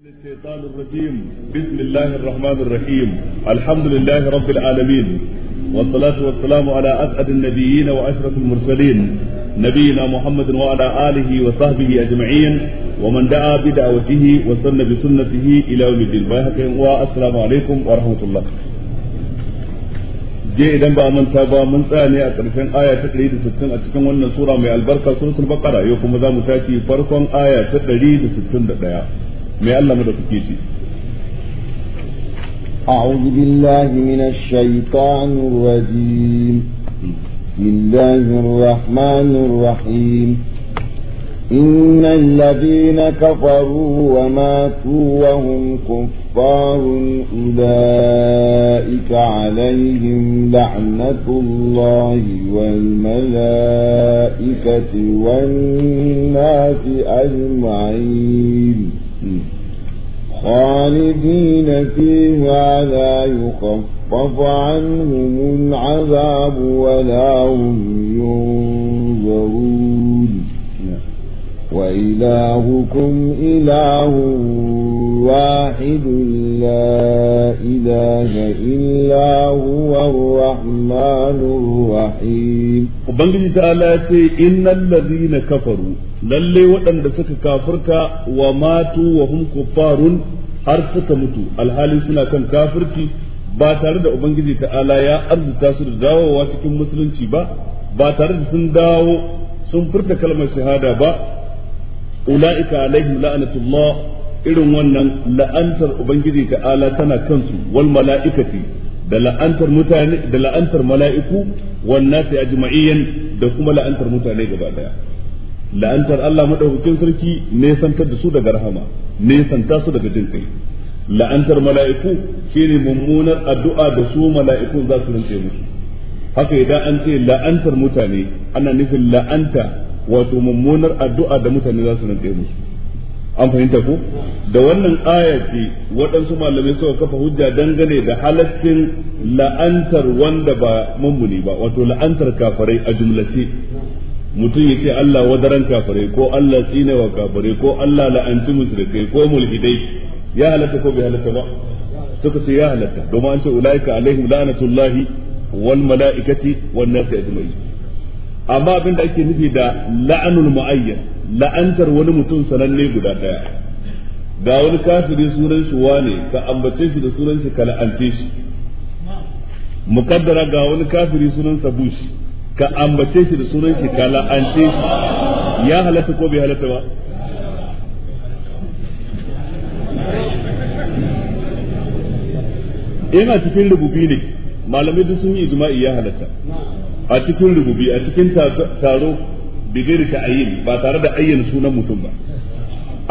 الشيطان الرجيم بسم الله الرحمن الرحيم الحمد لله رب العالمين والصلاة والسلام على أسعد النبيين وأشرف المرسلين نبينا محمد وعلى آله وصحبه أجمعين ومن دعا بدعوته وسن بسنته إلى يوم الدين والسلام عليكم ورحمة الله je idan ba manta ba mun tsaya ne a ƙarshen aya ta 160 a cikin wannan sura mai albarka suratul baqara yau kuma za mu tashi farkon aya ta 161 مي الله mu da أعوذ بالله من الشيطان الرجيم بسم الله الرحمن الرحيم إن الذين كفروا وماتوا وهم كفار أولئك عليهم لعنة الله والملائكة والناس أجمعين خالدين فيه ولا يخفف عنهم العذاب ولا هم ينظرون نعم. وإلهكم إله الواحد لا إله إلا هو الرحمن الرحيم وبنجي تعالى إن الذين كفروا للي وأن دسك كافرك وماتوا وهم كفار أرسك متوا mutu alhali suna kan kafirci ba tare da ubangiji ta'ala ya arzuta su da dawowa cikin musulunci ba ba tare da sun dawo sun furta kalmar shahada ba ula'ika alaihim la'anatullah irin wannan la'antar ubangiji ta'ala tana kansu wal mala'ikati da la'antar mutane da la'antar mala'iku wan nasi ajma'iyyan da kuma la'antar mutane gaba daya la'antar Allah madaukakin sarki ne santar da su daga rahama ne santa su daga jin kai la'antar mala'iku shine mummunar addu'a da su mala'ikun za su rinke musu haka idan an ce la'antar mutane ana nufin la'anta wato mummunar addu'a da mutane za su rinke musu an fahimta ko da wannan aya ce waɗansu malamai suka kafa hujja dangane da halaccin la'antar wanda ba mummuni ba wato la'antar kafarai a jumlace mutum ya ce Allah wadaran kafirai ko Allah tsine wa kafirai ko Allah la'anci musulkai ko mulhidai ya halatta ko bai halatta ba suka ce ya halatta domin an ce ulaika alaihim la'natullahi wal mala'ikati wan nasi ajma'in amma abin da ake nufi da la'anul mu'ayyan la'antar wani mutum sananne guda daya ga wani kafiri sunan shi wane ka ambace shi da sunan shi ka la'ance shi mukaddara ga wani kafiri sunan sa bush ka ambace shi da sunan shi ka la'ance shi ya halatta ko bai halatta ba ina cikin rububi ne malamai duk sun yi ijma'i ya halatta a cikin rububi a cikin taro bi gairi ta'ayyin ba tare da ayyana sunan mutum ba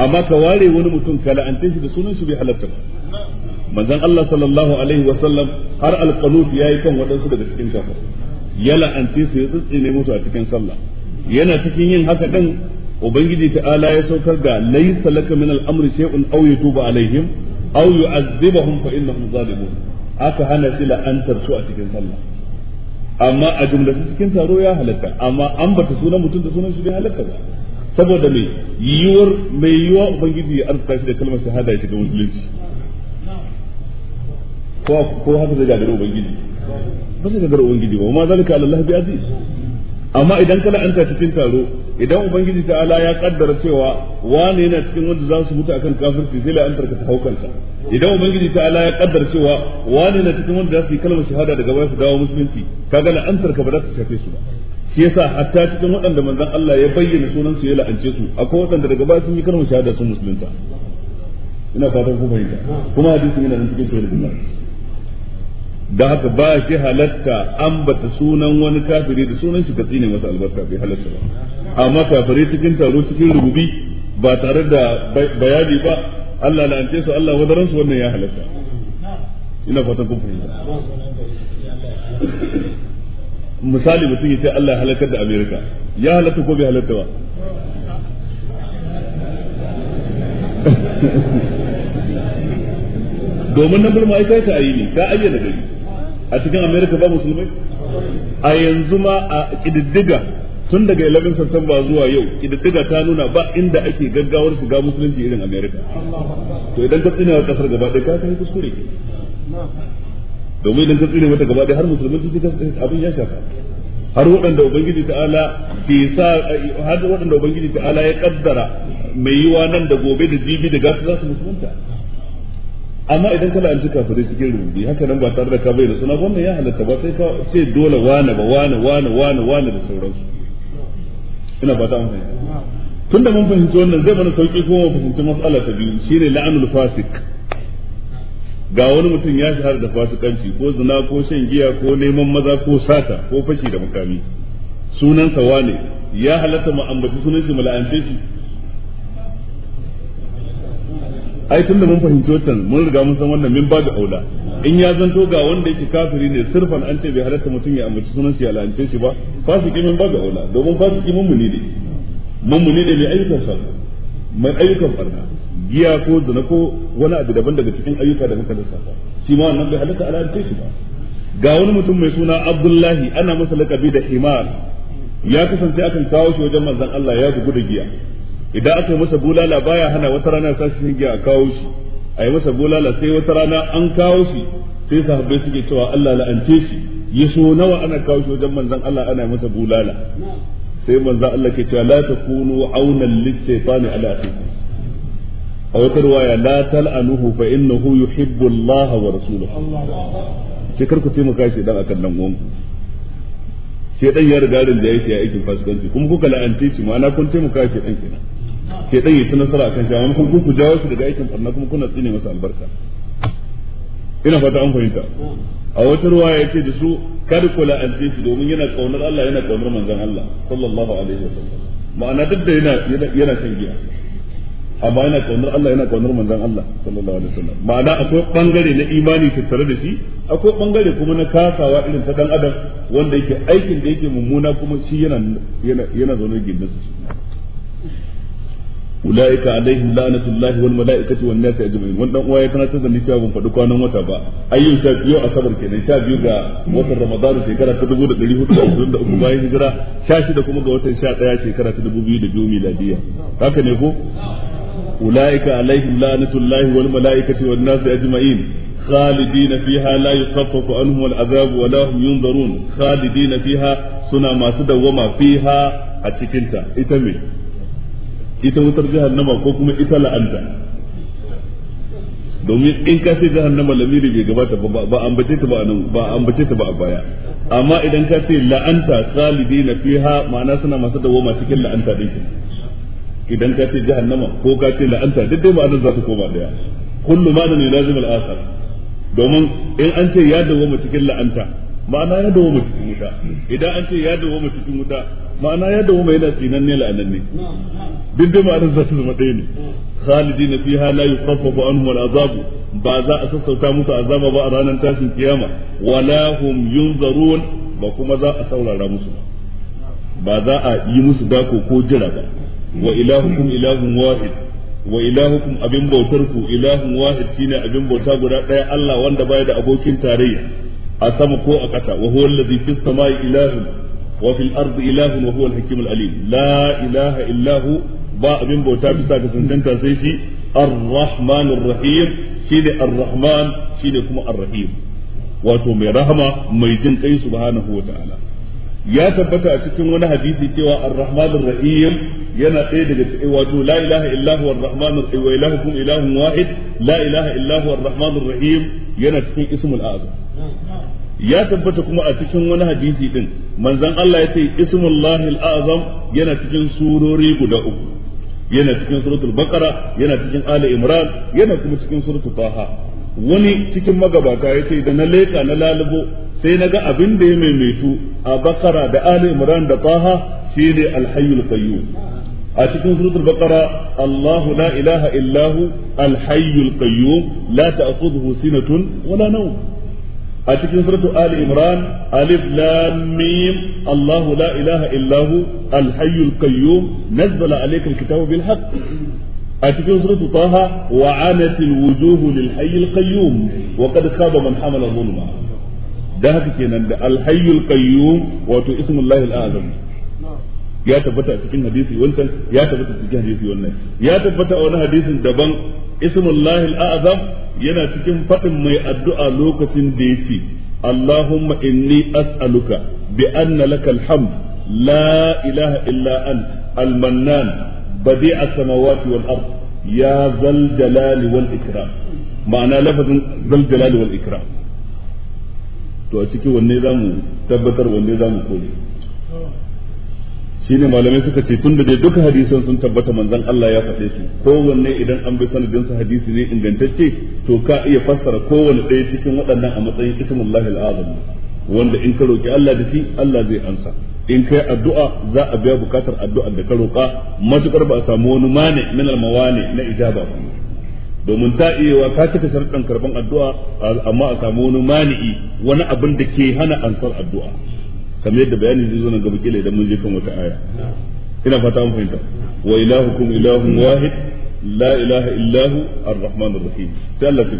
amma ka ware wani mutum ka la'ance shi da sunan shi bai halatta ba manzon Allah sallallahu alaihi wa sallam har alqanut yayi kan wadansu daga cikin kafa. ya la'ance su ya tsitsine musu a cikin sallah yana cikin yin haka din ubangiji ta'ala ya saukar da laysa laka min al-amri shay'un aw yatubu alaihim aw yu'adhibahum fa innahum zalimun aka hana shi la'antar su a cikin sallah amma a jumlatu cikin taro ya halatta amma an bata sunan mutum da sunan shi bai halatta ba saboda mai yiwuwar mai yiwuwa ubangiji ya arzuta shi da kalmar shahada ya shiga musulunci ko haka zai gagara ubangiji ba zai gagara ubangiji ba ma zalika alallahi bi aziz amma idan kana anta cikin taro idan ubangiji ta'ala ya kaddara cewa wani yana cikin wanda za su mutu akan kafirci sai la'antar ka ta haukansa idan ubangiji ta'ala ya kaddara cewa wani yana cikin wanda za su yi kalmar shahada daga baya su dawo musulunci kaga la'antar ka ba za ta shafe su ba shi yasa hatta cikin waɗanda manzon Allah ya bayyana sunan su ya la'ance su akwai waɗanda daga baya sun yi kalmar shahada sun musulunta ina fatan ku fahimta kuma hadisin yana cikin sahih bukhari da haka ba shi halatta ambata sunan wani kafiri da sunan shi katsi ne masa albarka bai halatta ba amma kafiri cikin taro cikin rububi ba tare da bayani ba Allah la'ance su Allah wadaran su wannan ya halatta ina fatan kun fahimta misali mutum ya ce Allah ya halakar da Amerika ya halatta ko bai halatta ba domin na burma ai ka yi ne ka ayyana gari a cikin america ba musulmai a yanzu ma a kididdiga tun daga 11 Satumba zuwa yau kididdiga ta nuna ba inda ake gaggawar shiga musulunci irin america to idan ka tsinewa kasar gaba ɗaya ka kai kuskure domin idan ka tsinewa ta gaba ɗaya har musulmai cikin abin ya shafa har waɗanda ubangiji ta'ala ke sa har waɗanda ubangiji ta'ala ya kaddara mai yiwa nan da gobe da jibi da gasu za su musulunta amma idan ka la'anci kafirai cikin rububi haka nan ba tare da ka bayyana suna wannan ya halatta ba sai ka ce dole wane ba wane wane wane wane da sauransu ina ba ta amfani tun da mun fahimci wannan zai mana sauki kuma mu fahimci mas'ala ta biyu shine la'anul fasik ga wani mutum ya shahara da fasikanci ko zina ko shan giya ko neman maza ko sata ko fashi da mukami sunansa wane ya halatta mu ambaci sunan shi mu la'ance shi ai tunda mun fahimci wannan mun riga mun san wannan min babu aula in ya zanto ga wanda yake kafiri ne sirfan an ce bai halatta mutum ya amince sunan shi ya ce shi ba fasiki min babu aula domin fasiki mun muni ne mun muni ne mai ayyukan sa mai ayyukan barna giya ko zina ko wani abu daban daga cikin ayyuka da muka lissafa shi ma wannan bai halatta ce shi ba ga wani mutum mai suna Abdullahi ana masa lakabi da Himar ya kasance akan kawo shi wajen manzon Allah ya bugu da giya idan aka yi masa bulala baya hana wata rana sa shi giya a kawo shi a yi masa bulala sai wata rana an kawo shi sai sahabbai suke cewa Allah la'ance shi ya so nawa ana kawo shi wajen manzon Allah ana masa bulala sai manzon Allah ke cewa la takunu aunan lis-shaytani ala akhikum a wata riwaya la tal'anuhu fa innahu yuhibbu Allah wa rasuluhu sai kar ku taimaka shi dan akan nan gonku sai dan ya riga da ya yi aikin fasikanci kuma kuka la'ance shi ma'ana kun taimaka shi dan kenan ke dan yi nasara kan shi amma kun ku jawo shi daga aikin farna kuma kuna tsine masa albarka ina fata an fahimta a wata ruwa ya ce da su kada kula an ce su domin yana kaunar Allah yana kaunar manzon Allah sallallahu alaihi wasallam ma'ana duk da yana yana shan giya amma yana kaunar Allah yana kaunar manzon Allah sallallahu alaihi wasallam ma'ana akwai bangare na imani tattare da shi akwai bangare kuma na kasawa irin ta dan adam wanda yake aikin da yake mummuna kuma shi yana yana yana zaune su. ulaika alaihim la'natullahi wal malaikati wan nasi ajma'in wannan dan uwa ya karanta da ni cewa ban faɗi kwanan wata ba ayyun sha biyu asabar kenan sha biyu ga watan ramadan shekara ta 1423 bayan hijira sha shida kuma ga watan sha daya shekara ta 2002 miladiya haka ne ko ulaika alaihim la'natullahi wal malaikati wan nasi ajma'in خالدين فيها لا يخفف عنهم العذاب ولا هم ينظرون خالدين فيها سنا ما سدوا فيها أتكنتا إتمي ita wutar jahannama ko kuma ita la'anta domin in ka ce jahannama lamiri bai gabata ba ba ambace ta ba nan ba ta ba a baya amma idan ka ce la'anta na fiha ma'ana suna masu dawoma cikin la'anta din idan ka ce jahannama ko ka ce la'anta duk dai ma'anar za ta koma daya kullu ma da ne lazim al domin in an ce ya dawoma cikin la'anta ma'ana ya dawoma cikin wuta idan an ce ya dawoma cikin wuta ma'ana ya dawo mai yana tsinan ne la'anan ne duk da ma'anar za ta zama ɗaya ne khalidina fiha la yukhaffafu anhum al'azab ba za a sassauta musu azaba ba a ranar tashin kiyama wala hum yunzarun ba kuma za a saurara musu ba za a yi musu dako ko jira ba wa ilahukum ilahun wahid wa ilahukum abin bautar ku ilahun wahid shine abin bauta guda ɗaya Allah wanda baya da abokin tarayya a sama ko a ƙasa wa huwa allazi fis samai ilahun وفي الأرض إله وهو الحكيم العليم لا إله إلا هو با أبين بوتا بسا كسنتنتا سيشي الرحمن الرحيم شين الرحمن شين كما الرحيم wato mai rahama mai jin kai subhanahu wa ya tabbata a cikin wani hadisi cewa ar-rahmanur yana ɗaya daga wato la ilaha illa huwa ar-rahmanur rahim wahid la ilaha yana cikin ismul azam ya tabbata kuma a cikin wani hadisi din manzon Allah ya ce ismullahi azam yana cikin surori guda uku yana cikin suratul baqara yana cikin ali imran yana kuma cikin suratul faha wani cikin magabata ya ce da na leka na lalubo sai na ga abin da ya maimaitu a bakara da ali imran da faha shi ne alhayyul qayyum a cikin suratul baqara Allahu la ilaha illahu alhayyul qayyum la ta'khudhuhu sinatun wala nawm a cikin suratu ali imran alif lam mim allah la ilaha illa hu al hayyul qayyum nazzala alayka al kitaba bil haqq a cikin suratu taha wa anat wujuhu wujuh lil hayyil qayyum wa qad khaba man hamala da haka kenan da al hayyul qayyum wato ismullahi al azam ya tabbata a cikin hadisi wancan ya tabbata a cikin hadisi wannan ya tabbata a wani hadisin daban ismullahi al'azam yana cikin faɗin mai addu'a lokacin da ya ce Allahumma inni as'aluka bi anna laka alhamd la ilaha illa ant almannan badi'a samawati wal ard ya zal jalali wal ikram ma'ana lafazin zal jalali wal ikram to a cikin wanne zamu tabbatar wanne zamu kore shine malamai suka ce tunda dai duka hadisan sun tabbata manzon Allah ya faɗe su kowanne idan an bi sanadin sa hadisi ne ingantacce to ka iya fassara kowanne ɗaya cikin waɗannan a matsayin ismullahi al'azam wanda in ka roki Allah da shi Allah zai ansa in kai addu'a za a biya bukatar addu'ar da ka roka matukar ba a samu wani mane min mawani na ijaba ba domin ta iya wa ka cika sharɗan karban addu'a amma a samu wani mani'i wani abin da ke hana ansar addu'a kamar yadda bayani zai zo nan gaba kila idan mun je kan wata aya ina fata mun fahimta wa ilahukum ilahun wahid la ilaha illahu arrahmanur rahim sai Allah ta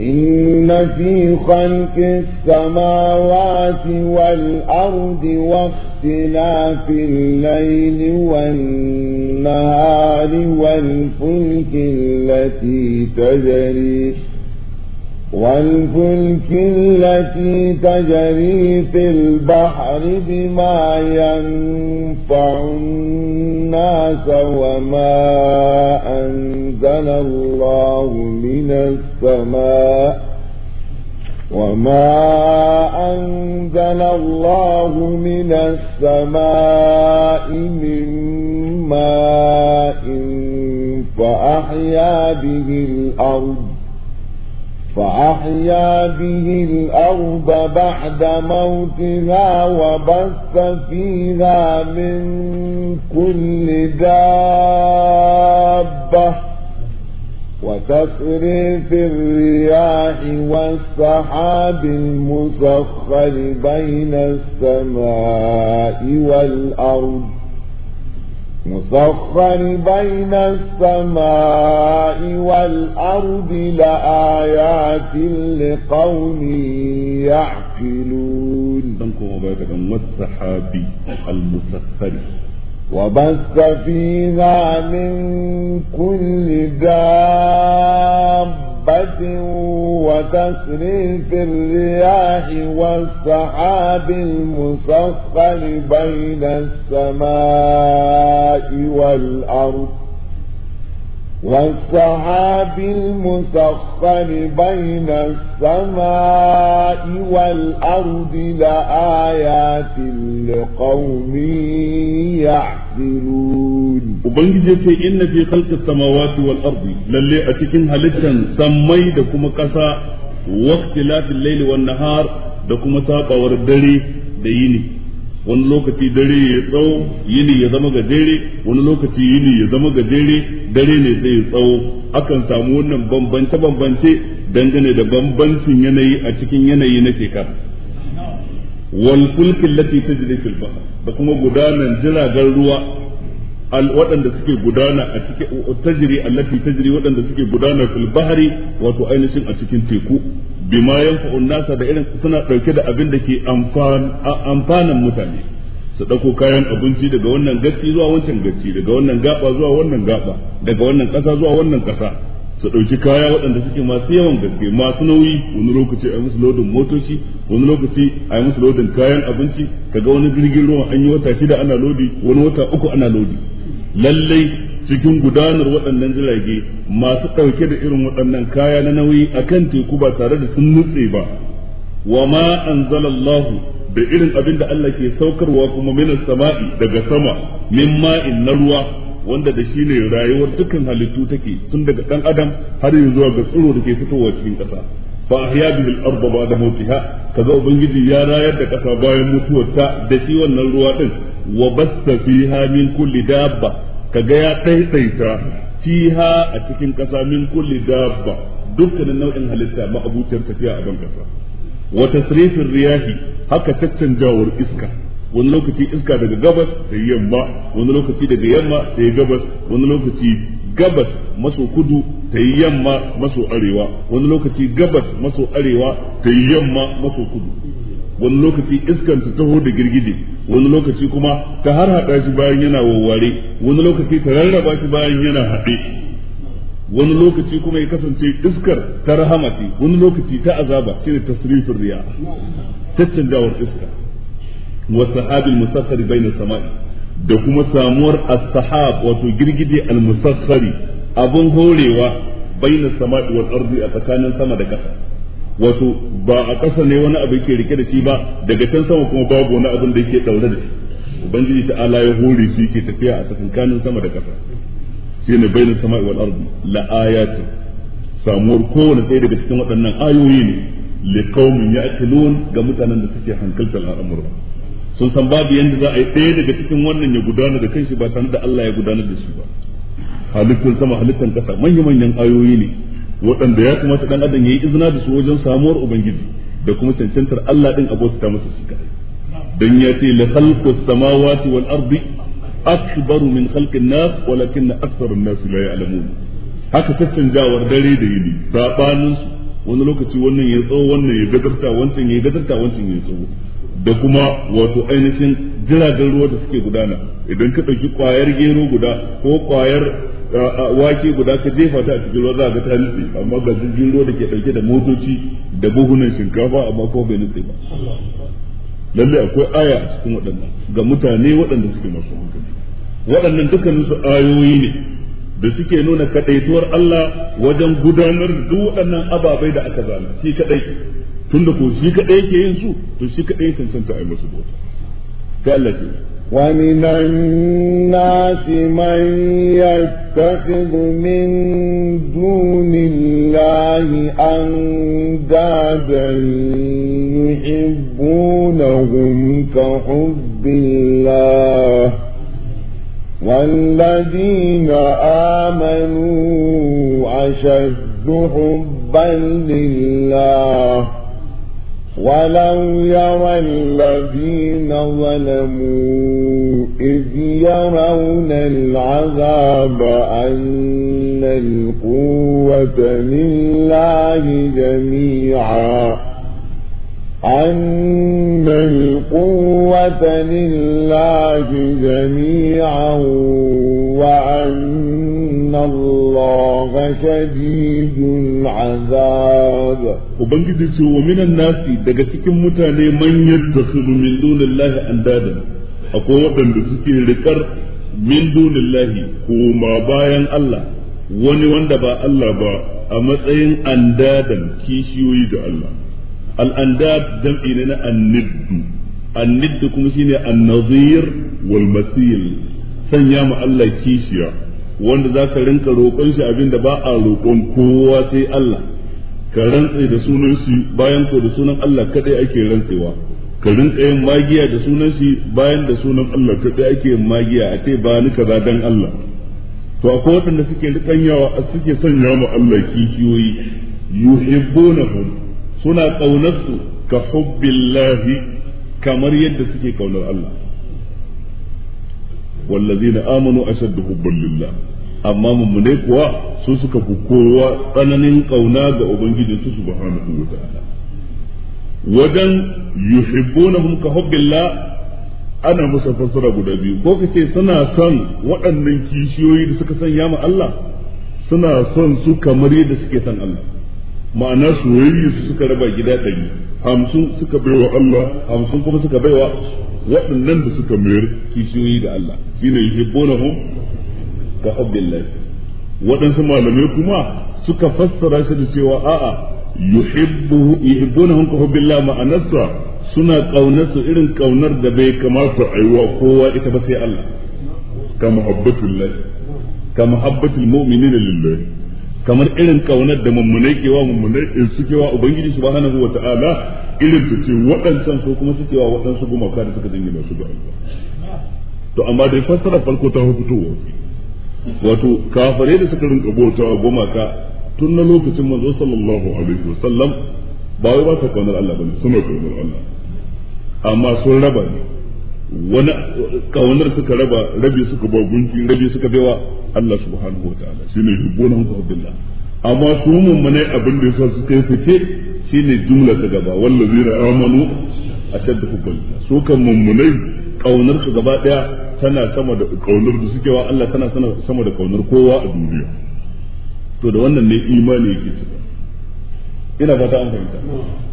إن في خلق السماوات والأرض واختلاف الليل والنهار والفلك التي تجري والفلك التي تجري في البحر بما ينفع الناس وما أنزل الله من السماء وما أنزل الله من السماء من ماء فأحيا به الأرض فأحيا به الأرض بعد موتها وبث فيها من كل دابة وتصريف الرياح والسحاب المسخر بين السماء والأرض مسخر بين السماء والأرض لآيات لقوم يعقلون المسخر وبث فيها من كل دابة وتسريف الرياح والسحاب المسخر بين السماء والأرض والسحاب المسخر بين السماء والأرض لآيات لقوم يعقلون وبنجي إن في خلق السماوات والأرض للي أتكن هلتا سمي دكما قسا واختلاف الليل والنهار دكما ساقا والدري ديني wani lokaci dare ya tsawo yini ya zama gajere wani lokaci yini ya zama gajere dare ne zai tsawo akan samu wannan bambance bambance dangane da bambancin yanayi a cikin yanayi na shekara wal fulkin lati tajri fil bahr da kuma gudanar jiragen ruwa al waɗanda suke gudana a cikin tajri allati tajri waɗanda suke gudana fil bahri wato ainihin a cikin teku bima yanfa'un nasa da irin suna dauke da abin da ke amfanan mutane su ɗauko kayan abinci daga wannan gaci zuwa wancan gaci daga wannan gaba zuwa wannan gaba daga wannan ƙasa zuwa wannan ƙasa su ɗauki kaya waɗanda suke masu yawan gaske masu nauyi wani lokaci a musu lodin motoci wani lokaci a musu lodin kayan abinci kaga wani jirgin ruwa an yi wata shida ana lodi wani wata uku ana lodi lallai cikin gudanar waɗannan jirage masu ɗauke da irin waɗannan kaya na nauyi akan teku ba tare da sun nutse ba wa ma anzalallahu da irin abin da Allah ke saukarwa kuma minas sama'i daga sama min ma'in na ruwa wanda da shi ne rayuwar dukkan halittu take tun daga dan adam har yanzu zuwa ga tsiro da ke fitowa cikin ƙasa fa ahya bihi al-ardh ba'da mawtiha kaza ubangiji ya rayar da ƙasa bayan mutuwarta da shi wannan ruwa din wa basta fiha min kulli dabba kaga ya daidaita fiha a cikin ƙasa min kulli dabba dukkanin nau'in halitta ma tafiya a ban ƙasa Wata tasrifin riyahi haka tattanjawar iska wani lokaci iska daga gabas ta yamma wani lokaci daga yamma ta gabas wani lokaci gabas maso kudu ta yi yamma maso arewa wani lokaci gabas maso arewa ta yi yamma maso kudu wani lokaci iskan ta taho da girgije wani lokaci kuma ta har haɗa shi bayan yana wawware wani lokaci ta rarraba shi bayan yana haɗe wani lokaci kuma ya kasance iskar ta rahama ce wani lokaci ta azaba shine tasrifin riya caccanjawar iska wa sahabin musakhkhari bayna sama'i da kuma samuwar as-sahab wato girgije al-musakhkhari abun horewa bayna sama'i wa ardi a tsakanin sama da ƙasa wato ba a ƙasa ne wani abu yake rike da shi ba daga can sama kuma babu wani abin da yake daure da shi ubangiji ta ala ya hore shi yake tafiya a tsakanin sama da ƙasa shine bainas sama'i wal ardi la ayatin samuwar kowane ɗaya daga cikin waɗannan ayoyi ne li qaumin ya'qilun ga mutanen da suke hankaltar al'amura sun san babu yanda za a yi ɗaya daga cikin wannan ya gudana da kanshi ba tare da Allah ya gudanar da shi ba halittun sama halittan ƙasa manya-manyan ayoyi ne waɗanda ya kamata ɗan adam ya yi izina da su wajen samuwar ubangiji da kuma cancantar Allah ɗin abota masa shi kaɗai dan ya ce la khalqu samawati wal ardi أكبر min خلق nas ولكن أكثر الناس لا يعلمون haka tattanjawar dare da yini sabanin wani lokaci wannan ya tsawo wannan ya gadarta wancan ya gadarta wancan ya tsawo da kuma wato ainihin jiragen ruwa da suke gudana idan ka ɗauki ƙwayar gero guda ko ƙwayar wake guda ka jefa ta a cikin ruwa za a ga ta nutse amma ga jirgin ruwa da ke ɗauke da motoci da buhunan shinkafa amma ko bai nutse ba lallai akwai aya a cikin waɗannan ga mutane waɗanda suke masu hankali waɗannan dukkanin su ayoyi ne da suke nuna kadaituwar Allah wajen gudanar da duk waɗannan ababai da aka zama shi kadai tunda ko shi kadai yake yin su to shi kadai cancanta ai musu bauta sai Allah ce ومن الناس من يتخذ من دون الله أندادا يحبونهم كحب الله والذين آمنوا أشد حبا لله ولو يرى الذين ظلموا إذ يرون العذاب أن القوة لله جميعاً أن القوة لله جميعا وأن الله شديد العذاب وبنجد ومن الناس دقتك متاني من يتخذ من دون الله أندادا أقوى بندسك لكر من دون الله كما بايا الله wani wanda ba Allah ba a matsayin andadan kishiyoyi da Allah Al'ada jam'i ne na an-nidd kuma shine ne nazir wal sanya mu Allah kishiya wanda zaka rinka roƙon shi abinda ba a roƙon kowa sai Allah ka rantse da sunan shi bayan ko da sunan Allah kaɗai ake rantsewa ka rinka yin magiya da sunan shi bayan da sunan Allah kadai ake yin magiya a ce ba ni kaza dan Allah to akwai waɗanda suke rikanyawa suke sanya mu Allah kishiyoyi yuhibbunahum suna ƙaunarsu ka hubbillahi kamar yadda suke ƙaunar Allah wallazina amanu ashaddu hubban lillah amma mummune kuwa su suka fi kowa tsananin ƙauna ga ubangiji su subhanahu wa ta'ala wajen yuhibbunahum ka hubbillah ana musa fassara guda biyu ko kace suna son waɗannan kishiyoyi da suka sanya ma Allah suna son su kamar yadda suke son Allah ma'ana soyayya su suka raba gida ɗari hamsin suka baiwa Allah hamsin kuma suka baiwa waɗannan da suka mayar kishiyoyi da Allah shine yuhibbunahum ka Abdullahi waɗansu malamai kuma suka fassara shi da cewa a'a yuhibbu yuhibbunahum ka hubbillah ma'anarsa suna kaunar su irin kaunar da bai kamata a kowa ita ba sai Allah ka muhabbatullah ka muhabbatul mu'minina lillah kamar irin kaunar da mummunai kewa mummunai suke wa ubangiji subhanahu wa ta'ala irin ta ce waɗancan so kuma suke wa waɗansu gumaka da suka dingina su ga Allah to amma dai fassara farko ta hukuto wato kafare da suka rinka wa gumaka tun na lokacin manzo sallallahu alaihi wa sallam ba wai ba su kaunar Allah bane suna kaunar Allah amma sun raba ne wani kaunar suka raba rabi suka ba gunki rabi suka baiwa Allah subhanahu wa ta'ala shine yubbuna hu billah amma su mummune abin da yasa suka yi fice shine jumla ta gaba wallazina amanu ashaddu hubban su kan mummunai kaunar su gaba daya tana sama da kaunar da suke wa Allah tana sama da kaunar kowa a duniya to da wannan ne imani yake cika ina fata an fahimta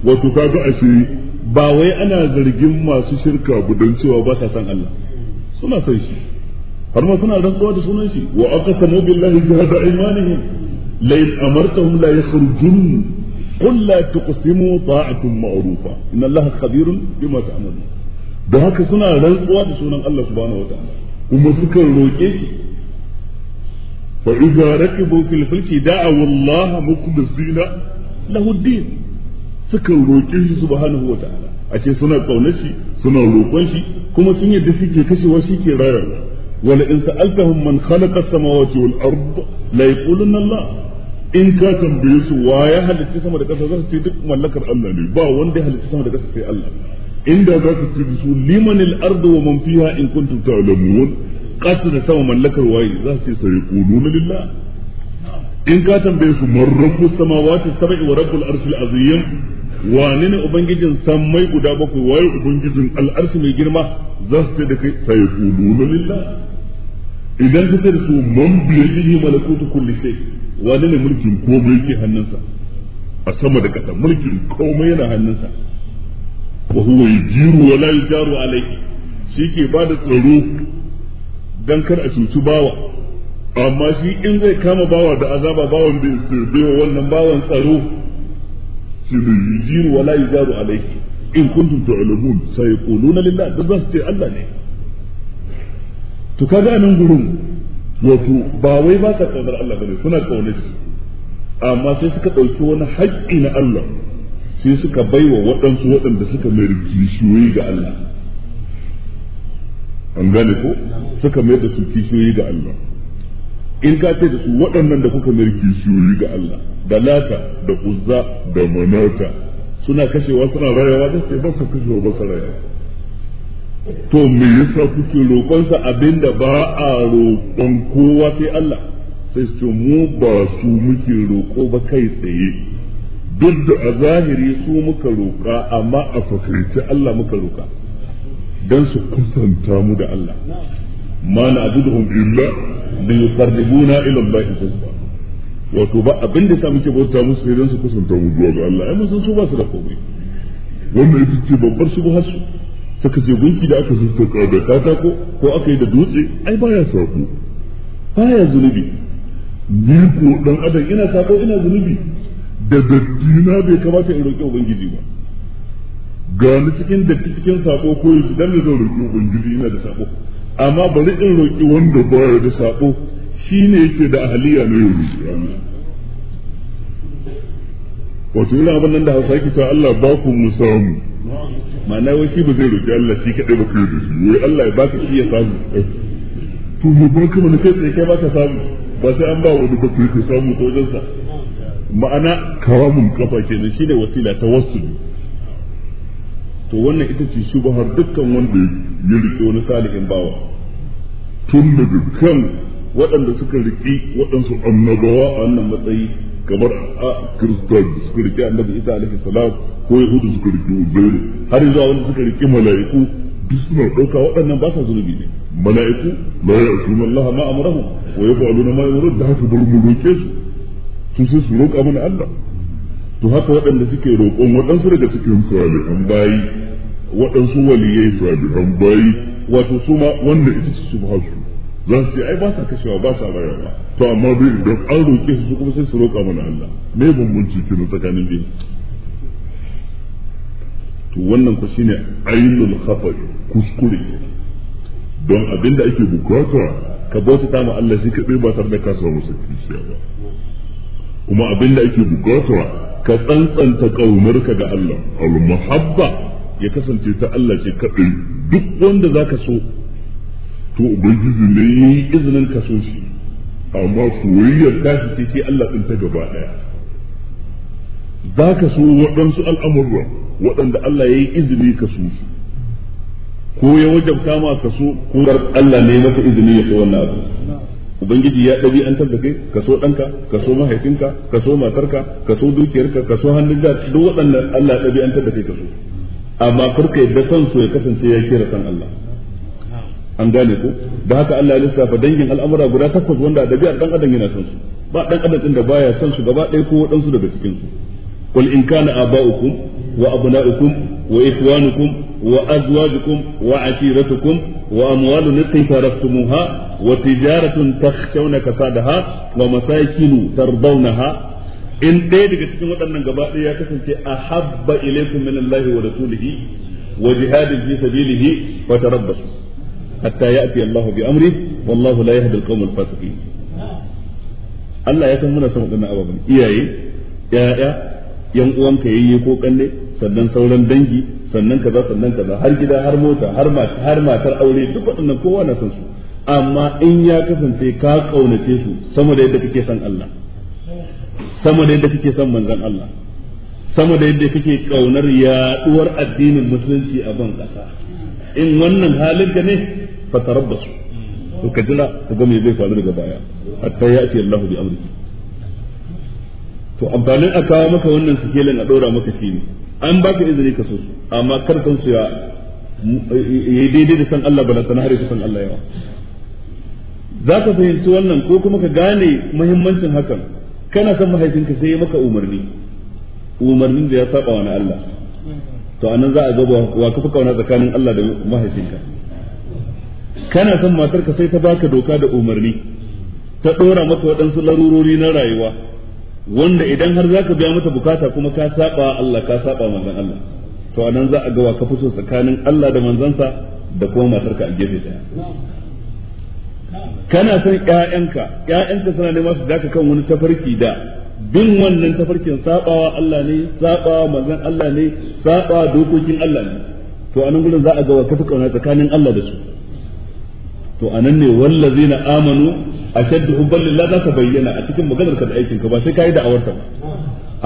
wato kaga asiri ba wai ana zargin masu shirka budan cewa ba sa san Allah suna san shi har ma suna rantsuwa da sunan shi wa aqsamu billahi jahada imanihim la in amartahum la yakhrujun qul la tuqsimu ta'atun ma'rufa inna Allah khabirun bima ta'malun da haka suna rantsuwa da sunan Allah subhanahu wa ta'ala kuma suka roke shi fa idza rakibu fil fulki da'a wallaha mukhlisina lahu ad-din sukan roƙe shi subhanahu ta'ala. a ce suna kaunar shi suna roƙon shi kuma sun yadda suke kashewa shi ke rayarwa wala in sa'altahum man khalaqa as-samawati wal ard la yaquluna Allah in ka tambaye su wa ya halitta sama da ƙasa za su ce duk mallakar Allah ne ba wanda ya halitta sama da ƙasa sai Allah inda za ku ce su liman al-ard wa man fiha in kuntum ta'lamun ƙasa da sama mallakar waye za su ce sai yaquluna lillah in ka tambaye su man rabbus samawati sab'i wa rabbul arshil azim wane ne ubangijin sammai guda bakwai waye ubangijin al'arsu mai girma za su ce da kai sai kuluna lillah idan ka ce da su man biyadihi malakutu kulli shay wane ne mulkin komai ke hannunsa a sama da ƙasa mulkin komai yana hannunsa wa huwa yajiru wa la yajaru alayhi shi ke ba da tsaro dan kar a cuci bawa amma shi in zai kama bawa da azaba bawan bai bai wannan bawan tsaro yujiru wa la yujaru alayhi in kuntum ta'lamun sayquluna lillah da za su ce Allah ne to kaga nan gurin wato ba wai ba sa kaunar Allah bane suna kaunar shi amma sai suka dauki wani haƙƙi na Allah sai suka baiwa waɗansu waɗanda suka mai kishiyoyi ga Allah an gane ko suka mai da su kishiyoyi ga Allah in ka ce da su waɗannan da kuka narke shiyoyi ga Allah da lata da kuzza da manata suna kashewa suna rayuwa da ce ba su kashewa ba su to me yasa kuke roƙonsa abinda ba a roƙon kowa sai Allah sai su mu ba su muke roƙo ba kai tsaye duk da a zahiri su muka roƙa amma a fakaice Allah muka roƙa dan su kusanta mu da Allah Mana na abuduhum illa da yuqarribuna ila Allah zulfa wato ba abin da sa muke bauta musu sai dan su kusanta mu zuwa ga Allah ai mun san su ba su da komai wannan ita ce babbar ba su saka ce gunki da aka sauka da katako ko aka yi da dutse ai ya sako ya zunubi ni ko dan adam ina sako ina zunubi da dattina bai kamata in roƙi ubangiji ba ga ni cikin datti cikin sako ko yanzu dan da zan roƙi ubangiji ina da sako amma bari in roƙi wanda bayar da sako shi ne yake da ahaliya na yau wato yana abin nan da hausa yake cewa Allah ba ku mu samu ma'ana wai shi ba zai roƙi Allah shi kaɗai ba kai da shi wai Allah ya baka shi ya samu to mu ba kuma ne kai tsaye kai baka samu ba sai an ba wani ba kai ka samu ta wajensa ma'ana kawamun kafa kenan shine wasila ta wasu to wannan ita ce shubahar dukkan wanda ya riƙe wani salihin bawa tun da dukkan waɗanda suka riƙi waɗansu annabawa a wannan matsayi kamar a kirista da suka riƙe annabi isa alaihi salam ko yahudu suka riƙe ubairu har zuwa wanda suka riƙe mala'iku duk suna ɗauka waɗannan ba sa zunubi ne mala'iku la ya'tuna Allah ma amarahu wa yaf'aluna ma yuridu da haka bar mu roƙe su sun sai su roƙa mana Allah to haka waɗanda suke roƙon waɗansu daga cikin salihan bayi waɗansu waliyai salihan bayi wato su ma wanda ita su ba su za su ce ai ba sa kashewa ba sa rayuwa to amma bai da an roƙe su kuma sai su roƙa mana Allah me bambanci kenan tsakanin biyu to wannan ku shine ainul khatar kuskure don abinda ake bukata ka bauta ma Allah shi kadai ba tare da ka samu masa kishiya ba kuma abinda ake bukata ka tsantsanta kaunarka ga Allah al-muhabba ya kasance ta Allah ce kaɗai duk wanda za ka so to ubangiji ne ya yi izinin ka so shi amma soyayyar tashi ce sai Allah ɗin ta gaba ɗaya za ka so waɗansu al'amurra waɗanda Allah ya yi izini ka so su ko ya wajabta ma ka so ko Allah ne maka izini ya so wannan abu ubangiji ya ɗabi an tabbace ka so ɗanka ka so mahaifinka ka so matarka ka so dukiyarka ka so hannun jari duk waɗannan Allah ya ɗabi an tabbace ka so amma karka yadda son su ya kasance ya kira san Allah an gane ku da haka Allah ya lissafa dangin al'amura guda takwas wanda dabi'ar dan adam yana son su ba dan adam din da baya son su gaba ɗaya ko wadansu daga cikin su qul in kana aba'ukum wa abna'ukum wa ikhwanukum wa azwajukum wa ashiratukum wa amwalun iqtaraftumuha wa tijaratun takhshawna kasadaha wa masakin tardawnaha in ɗaya daga cikin waɗannan gaba ɗaya ya kasance a habba ilaikum min Allah wa rasulihi wa jihadin fi sabilihi wa tarabbasu hatta ya'ti Allah bi amri wallahu la yahdi al-qawm al-fasiqin Allah ya san muna son waɗannan ababen iyaye ya'ya yan uwan ka yayye ko kalle sannan sauran dangi sannan kaza sannan kaza har gida har mota har har matar aure duk waɗannan kowa na son su amma in ya kasance ka kaunace su sama da yadda kake son Allah sama da yadda kake son manzon Allah sama da yadda kake kaunar yaduwar addinin musulunci a ban kasa in wannan halin ka ne fa tarabbasu to ka jira ka ga me zai faru daga baya hatta ce Allah bi amri to amfanin a kawo maka wannan sikelin a dora maka shi ne an baka izini ka so su amma kar san su ya yi daidai da san Allah balanta na har ka san Allah yawa za ka fahimci wannan ko kuma ka gane muhimmancin hakan kana son mahaifinka sai ya maka umarni umarnin da ya saba wa na Allah to anan za a ga wa kafa kauna tsakanin Allah da mahaifinka kana son matarka sai ta baka doka da umarni ta dora maka waɗansu larurori na rayuwa wanda idan har zaka biya mata bukata kuma ka saba Allah ka saba manzon Allah to anan za a ga wa kafa so tsakanin Allah da manzansa da kuma matarka a gefe daya kana son ƴaƴanka ƴaƴanka suna neman su daka kan wani tafarki da bin wannan tafarkin sabawa Allah ne sabawa manzon Allah ne sabawa dokokin Allah ne to anan gurin za a ga wata kauna tsakanin Allah da su to anan ne wallazina amanu ashaddu hubban lillah za ka bayyana a cikin maganar ka da aikin ka ba sai kai da awarta ba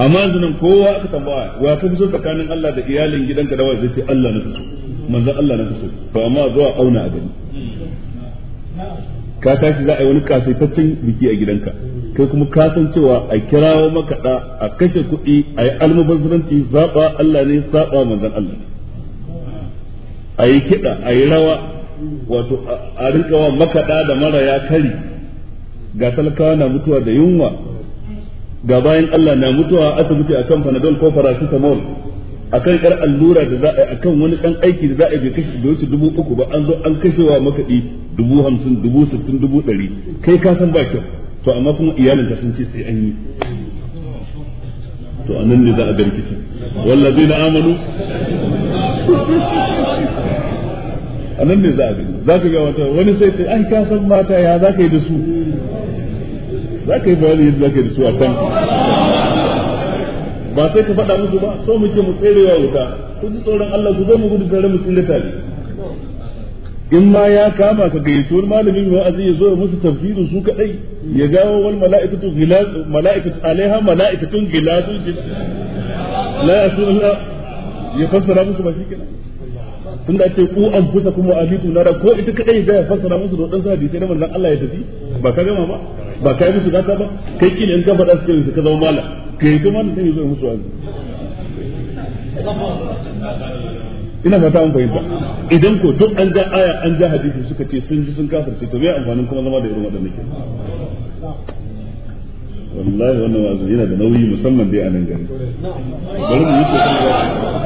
amma yanzu nan kowa aka tambaya wa ka fi so tsakanin Allah da iyalin gidanka da wa zai ce Allah na fi so manzon Allah na fi so to amma zuwa auna a gani ka tashi za a yi wani kasaitaccen biki a gidanka kai kuma ka san cewa a kirawo makaɗa a kashe kuɗi a yi almubazzaranci zaɓa Allah ne zaɓa manzan Allah a yi kiɗa a yi rawa wato a rinka wa makaɗa da mara ya kari ga talakawa na mutuwa da yunwa ga bayan Allah na mutuwa asibiti a kan fanadol ko paracetamol akan kar allura da za a yi akan wani dan aiki da za a yi bai kashe da wuce dubu uku ba an zo an kashewa makaɗi dubu hamsin dubu sittin dubu ɗari kai ka san ba kyau to amma kuma iyalinka sun ce sai an yi to anan ne za a garkici zai na amanu anan ne za a gani za ka ga wata wani sai ce ai ka san mata ya za ka yi da su za ka yi bayani yadda za ka yi da su a can ba sai ka faɗa musu ba so muke mu wa wuta ku ji tsoron Allah ku zo mu gudu tare mu tsira tare in ma ya kama ka gayyaci wani malami mai azi ya zo musu tafsirin su kadai ya gawo wal mala'ikatu gilaz mala'ikatu alaiha malaikatu gilaz la yasuna ya fassara musu ba shi da ce ku an fusa kuma a bitu nara ko ita kadai ga ya fassara musu da su hadisi na manzon Allah ya tafi ba ka gama ba ba musu gata ba kai in ka su su ka zama mala kuma da musu wani ina fata an fahimta idan ko duk an aya an hadisi suka ce sun ji sun kafirce to me amfanin kuma zama da irin waɗannan wallahi wannan wazin yana da nauyi musamman dai a nan gari bari mu wuce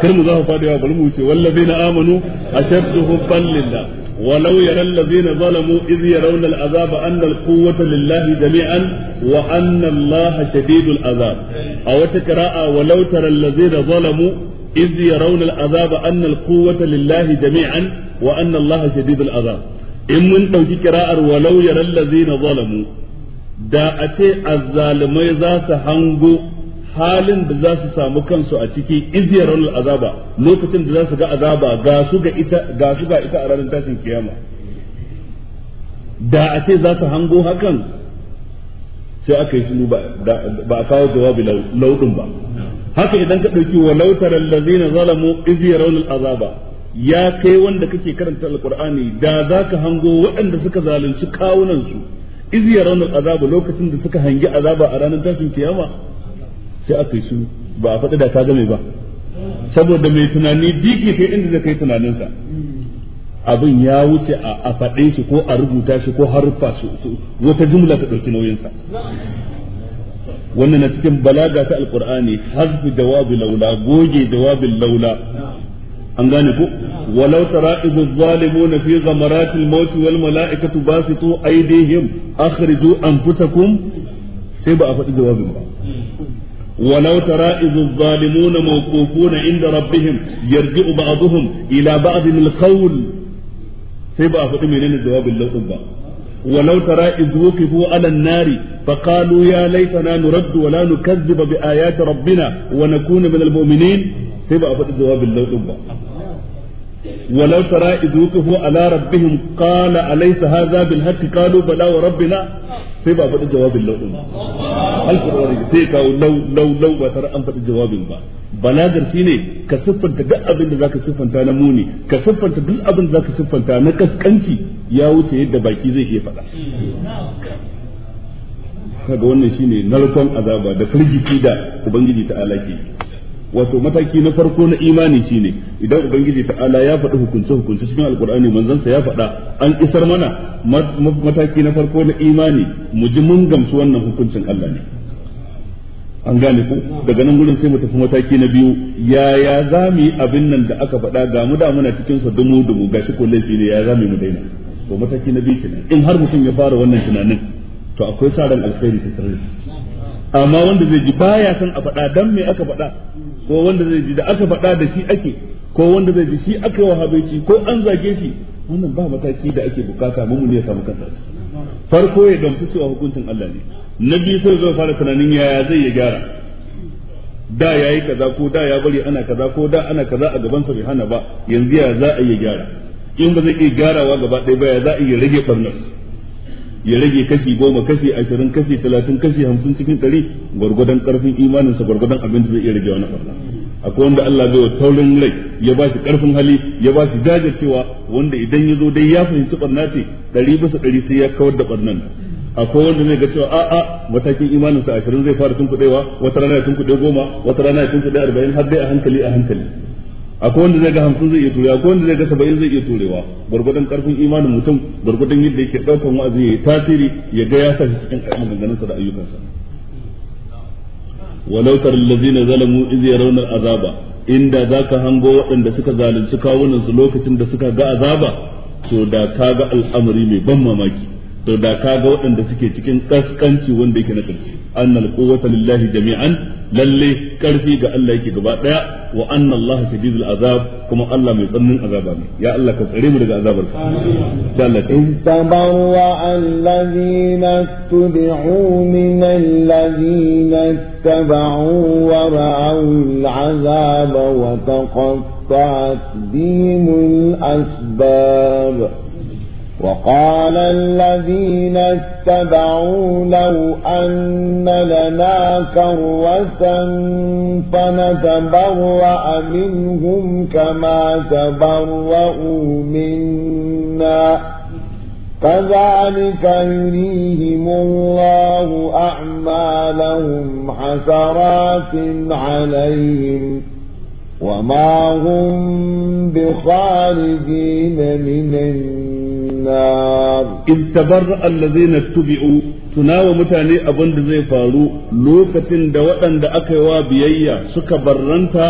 kar mu za mu fadiwa bari mu wuce wallabi na amanu ashaddu hubban lillah walau yara allazina zalamu iz yarawna al'azaba anna al-quwwata lillahi jami'an wa anna allah azab a wata qira'a walau tara allazina zalamu iz yarawna al'azaba anna al-quwwata lillahi jami'an wa anna allah azab in mun ɗauki kira'ar walau yara allazina da a ce azzalumai za su hango halin da za su samu kansu a ciki izyarul azaba lokacin da za su ga azaba ga su ga ita ga su ga ita a ranar tashin kiyama da a ce za su hango hakan sai aka yi sunu ba a kawo jawabi laudin ba haka idan ka ɗauki wa lautar allazina zalamu iz yarawna azaba ya kai wanda kake karanta alqur'ani da za ka hango waɗanda suka zalunci kawunan su iz ranar azaba lokacin da suka hangi azaba a ranar tashin kiyama sai aka yi su ba a faɗi da ta game ba saboda mai tunani diki kai inda zai kai tunaninsa abin ya wuce a faɗe shi ko a rubuta shi ko harfa su wata jumla ta ɗauki nauyinsa wannan na cikin balaga ta alkur'ani Hasbi jawabi laula goge jawabin laula an gane ko walau tara idh zalimuna fi ghamaratil al-maut wal mala'ikatu basitu aydihim akhriju anfusakum sai ba a faɗi jawabin ba ولو ترى إذ الظالمون موقوفون عند ربهم يرجع بعضهم إلى بعض القول سيبقى فقمي لنا جواب اللوطن بقى ولو ترى إذ وقفوا على النار فقالوا يا ليتنا نرد ولا نكذب بآيات ربنا ونكون من المؤمنين سيبقى فقد جواب اللوطن بقى ولو ترى إذ وقفوا على ربهم قال أليس هذا بالحق قالوا بلى وربنا sai ba jawabin lau ɗin alkurwari kawo lau lau lau ba tare an faɗi jawabin ba balagar shi ne ka siffanta duk abin da zaka siffanta na muni ka siffanta duk abin da zaka siffanta na kaskanci ya wuce yadda baki zai iya faɗa kaga wannan shine narkon azaba da firgici da ubangiji ta alaki wato mataki na farko na imani shine idan ubangiji ta'ala ya faɗi hukunce hukunce cikin alkur'ani manzansa ya faɗa an isar mana mataki na farko na imani mu ji mun gamsu wannan hukuncin Allah ne an gane ku daga nan gurin sai mu tafi mataki na biyu yaya za mu yi abin nan da aka faɗa ga mu da muna cikin sa dumu dumu gashi ko laifi ne ya za mu daina to mataki na biyu kenan in har mutum ya fara wannan tunanin to akwai sa ran alkhairi ta tare amma wanda zai ji baya san a faɗa dan me aka faɗa ko wanda zai ji da aka faɗa da shi ake ko wanda zai ji shi aka wahabaici ko an zage shi wannan ba mataki da ake bukata mu ne ya samu kansa farko ya gamsu cewa hukuncin Allah ne na biyu sai zo fara tunanin yaya zai ya gyara da yayi yi kaza ko da ya bari ana kaza ko da ana kaza a gaban sa bai hana ba yanzu ya za a yi gyara in ba zai iya gyarawa gaba ɗaya ba ya za a iya rage barnas ya rage kashi goma kashi ashirin kashi talatin kashi hamsin cikin ɗari gwargwadon ƙarfin imaninsa gwargwadon abin da zai iya rage wani ɓarna akwai wanda Allah zai wa taurin rai ya ba shi ƙarfin hali ya ba shi jajircewa wanda idan ya zo dai ya fahimci ɓarna ce ɗari bisa ɗari sai ya kawar da ɓarnan akwai wanda zai ga cewa a'a matakin imaninsa ashirin zai fara tunkuɗewa wata rana ya tunkuɗe goma wata rana ya tunkuɗe arba'in har dai a hankali a hankali akwai wanda zai ga hamsin zai iya turewa akwai wanda zai ga saba'in zai iya turewa gwargwadon karfin imanin mutum gwargwadon yadda yake daukan wa'azi ya yi tasiri ya ga ya sa shi cikin sa da ayyukansa walau taral ladzina zalamu iz yarawna azaba inda zaka hango waɗanda suka zalunci kawunan su lokacin da suka ga azaba to da ka ga al'amari mai ban mamaki to da ka ga waɗanda suke cikin kaskanci wanda yake na ƙarshe annal quwwata lillahi jami'an lalle karfi ga Allah yake gaba daya wa anna shadidul azab kuma Allah mai tsannin azaba ne ya Allah ka tsare mu daga azabar ka insha Allah ta istabarra allazina tubi'u min allazina tabu wa ra'u al'azaba wa bihim al-asbab وقال الذين اتبعوا لو أن لنا كروة فنتبرأ منهم كما تبرؤوا منا كذلك يريهم الله أعمالهم حسرات عليهم وما هم بخارجين من النار النار إذ تبرأ الذين اتبعوا تناوى متاني أبن زي فارو لوكة دوأن دا أكوا بيئيا سكا برنتا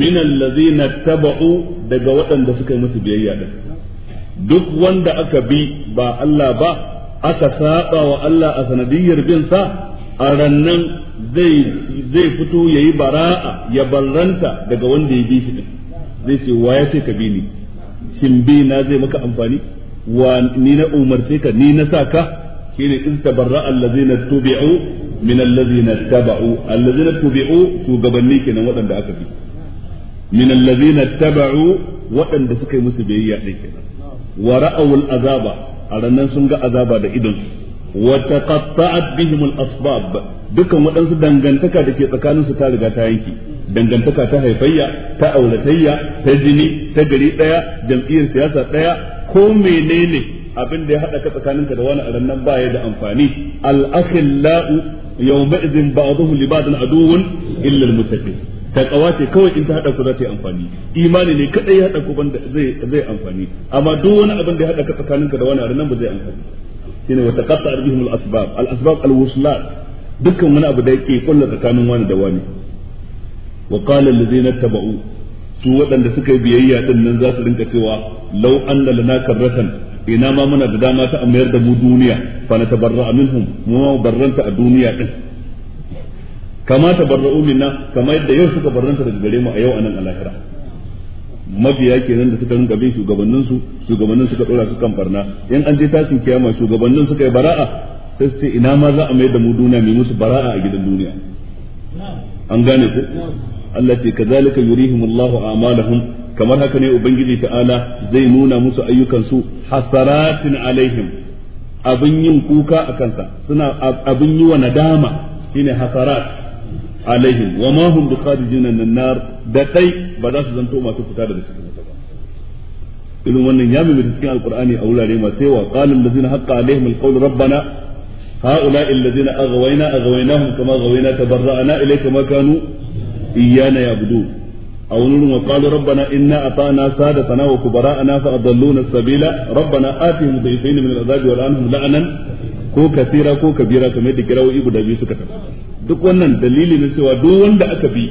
من الذين اتبعوا waɗanda دوأن دا سكا مس duk wanda aka bi ba Allah ba aka saba wa Allah a sanadiyyar bin sa a rannan zai zai fito yayi bara'a ya barranta daga wanda ya bi shi din zai ce wa ya ce ka bi ni shin bi na zai maka amfani wa ni na umarce ka ni na sa ka shine istabarra allazina tubi'u min allazina taba'u allazina tubi'u shugabanni kenan waɗanda aka bi min allazina taba'u waɗanda suka yi musu biyayya ɗin kenan wa ra'aw azaba a ranan sun ga azaba da idon su wa taqatta'at bihim al-asbab dukan waɗansu dangantaka da ke tsakaninsu ta riga ta yanki dangantaka ta haifayya ta auratayya ta jini ta gari ɗaya jam'iyyar siyasa ɗaya ko menene abin da ya hada ka tsakaninka da wani aran nan baya da amfani al akhillau yawma idhin ba'dhum li ba'dhin aduwwun illa al muttaqin takawa ce kawai in ta hada ku za ta yi amfani imani ne kadai ya hada ku banda zai zai amfani amma duk wani abin da ya hada ka tsakaninka da wani aran nan ba zai amfani shine wa taqatta bihim al asbab al asbab al wuslat dukkan wani abu da yake kullu tsakanin wani da wani wa qala allazina tabau su waɗanda suka yi biyayya ɗin nan za su rinka cewa an na lana karratan ina ma muna da dama ta amayar da mu duniya fa na tabarra minhum mu ma barranta a duniya ɗin? kama tabarra'u minna kama yadda yau suka barranta daga gare mu a yau anan alakira mabiya kenan da suka rinka bin shugabannin su shugabannin suka dora su kan barna in an je tashin kiyama shugabannin suka yi bara'a sai su ce ina ma za a mayar da mu duniya mai musu bara'a a gidan duniya an gane ku Allah ce kazalika yurihimullahu a'malahum kamar haka ne ubangiji ta'ala zai nuna musu ayyukansu hasaratin alaihim abin yin kuka a kansa suna abin yi wa nadama shine hasarat alaihim wa ma hum bi kharijin min da dai ba za su zanto masu fita daga cikin wuta ba irin wannan ya cikin a wurare masu yawa qala allazina haqqa هؤلاء الذين أغوينا أغويناهم كما غوينا تبرأنا إليك ما كانوا iyyana ya'budu a wani wurin wa qalu rabbana inna ata'na sadatana wa kubara'ana fa adalluna as-sabila rabbana atihim dhayfayn min al-'adhabi wa la'anhum la'anan ko kasira ko kabira kamar da kirawo da biyu suka tafi duk wannan dalili na cewa duk wanda aka bi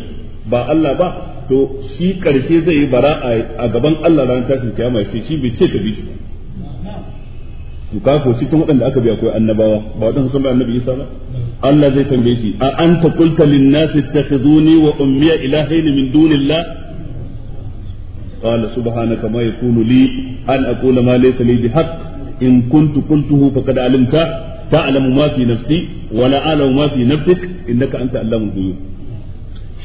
ba Allah ba to shi karshe zai yi bara a gaban Allah ranar tashin kiyama sai shi bai ce ka bi shi to cikin waɗanda aka biya akwai annabawa ba waɗanda sun ba annabi Isa ba Allah zai tambaye shi a ta qulta lin nas ittakhiduni wa ummiya ilahayn min dunillah qala subhanaka ma yakunu li an aqula ma laysa li bihaqq in kuntu qultuhu faqad alimta ta'lamu ma fi nafsi wa la a'lamu ma fi nafsik innaka anta allamul ghuyub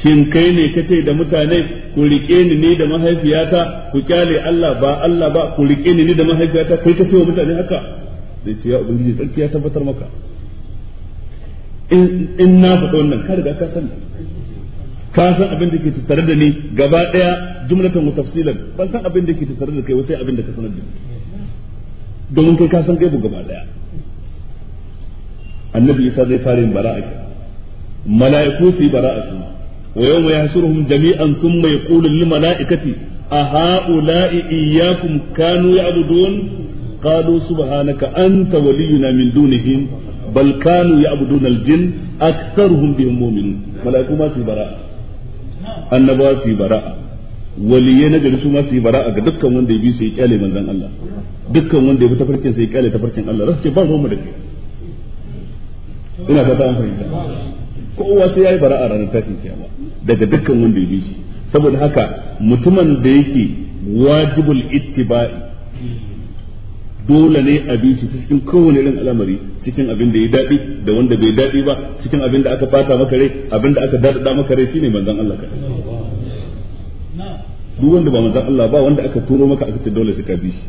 shin kai ne kace da mutane ku rike ni ne da mahaifiyata ku kyale Allah ba Allah ba ku rike ni ne da mahaifiyata kai kace wa mutane haka zai ce ya ubangiji sarki ya tabbatar maka in na faɗa wannan ka riga ka sani ka san abin da ke tattare da ni gaba ɗaya jumlatan wa tafsilan ban san abin da ke tattare da kai sai abin da ka sanar da ni domin kai ka san kai gaba ɗaya annabi isa zai fara yin bara'a mala'iku su yi bara'a su wa yawma yahshuruhum jami'an thumma yaqulu lil mala'ikati a ha'ula'i iyyakum kanu ya'budun qalu subhanaka anta waliyuna min dunihim bal kanu ya'budun al-jinn aktharuhum bihim mu'minun mala'iku su bara'a bara'a waliyai na gari su ma su yi bara'a ga dukkan wanda ya bi su yi kyale Allah dukkan wanda ya bi tafarkin sai kyale tafarkin Allah rasu ce ba ruwan mu da kai ina fata an fahimta kowa sai yayi bara'a ranar tashin kiyama daga dukkan wanda ya bi shi saboda haka mutumin da yake wajibul ittiba'i dole ne a bi shi cikin kowane irin al'amari cikin abin da ya dadi da wanda bai dadi ba cikin abin da aka fata maka rai abin da aka dada maka rai shine manzon Allah ka duk wanda ba manzon Allah ba wanda aka turo maka aka ce dole sai ka bi shi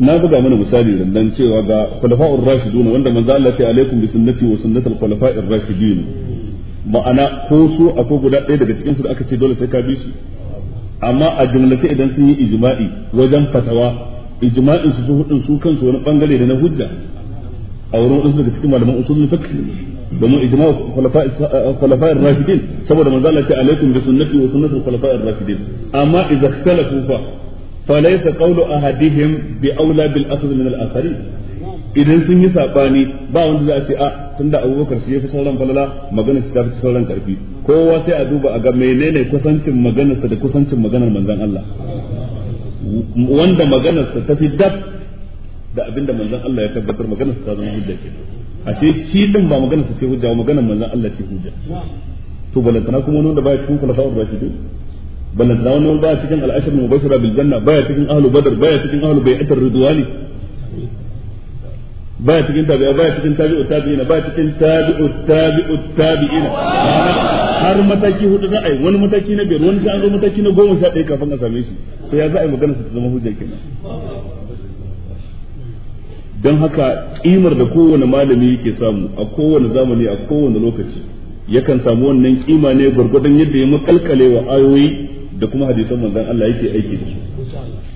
na buga mana misali randan cewa ga khulafa'ur rashidun wanda manzo Allah ce alaikum bi sunnati wa sunnatul khulafa'ir rashidin ma'ana ko su akwai guda ɗaya daga cikin su da aka ce dole sai ka bi su amma a jumlace idan sun yi ijma'i wajen fatawa ijma'in su su hudun su kansu wani bangare da na hujja a wurin wadansu daga cikin malaman usulul fiqh domin ijma'u khulafa'ir rashidin saboda manzo Allah ce alaikum bi sunnati wa sunnatul khulafa'ir rashidin amma idza ikhtalafu fa فليس قول أحدهم بأولى بالأخذ من الآخرين idan sun yi sabani ba wanda za a ce a tun da abubakar shi yafi sauran falala magana shi tafi sauran karfi kowa sai a duba a ga menene kusancin maganarsa da kusancin maganar manzon Allah wanda maganarsa ta fi dab da abinda manzon Allah ya tabbatar maganarsa ta zama hujja kenan ashe shi din ba maganarsa ce hujja ba maganar manzon Allah ce hujja to balantana kuma wanda baya cikin kulafa ba shi dai ballan da wani baya cikin al'ashar mubashara bil janna baya cikin ahlu badar baya cikin ahlu bai'atar ridwani baya cikin tabi'a baya cikin tabi'u tabi'ina baya cikin tabi'u tabi'u tabi'ina har mataki hudu za a yi wani mataki na biyar wani sai mataki na goma sha ɗaya kafin a same shi to ya za a yi magana su zama hujja kenan don haka kimar da kowane malami yake samu a kowane zamani a kowane lokaci yakan samu wannan kima ne gwargwadon yadda ya makalkale wa ayoyi da kuma hadisan manzon Allah yake aiki da su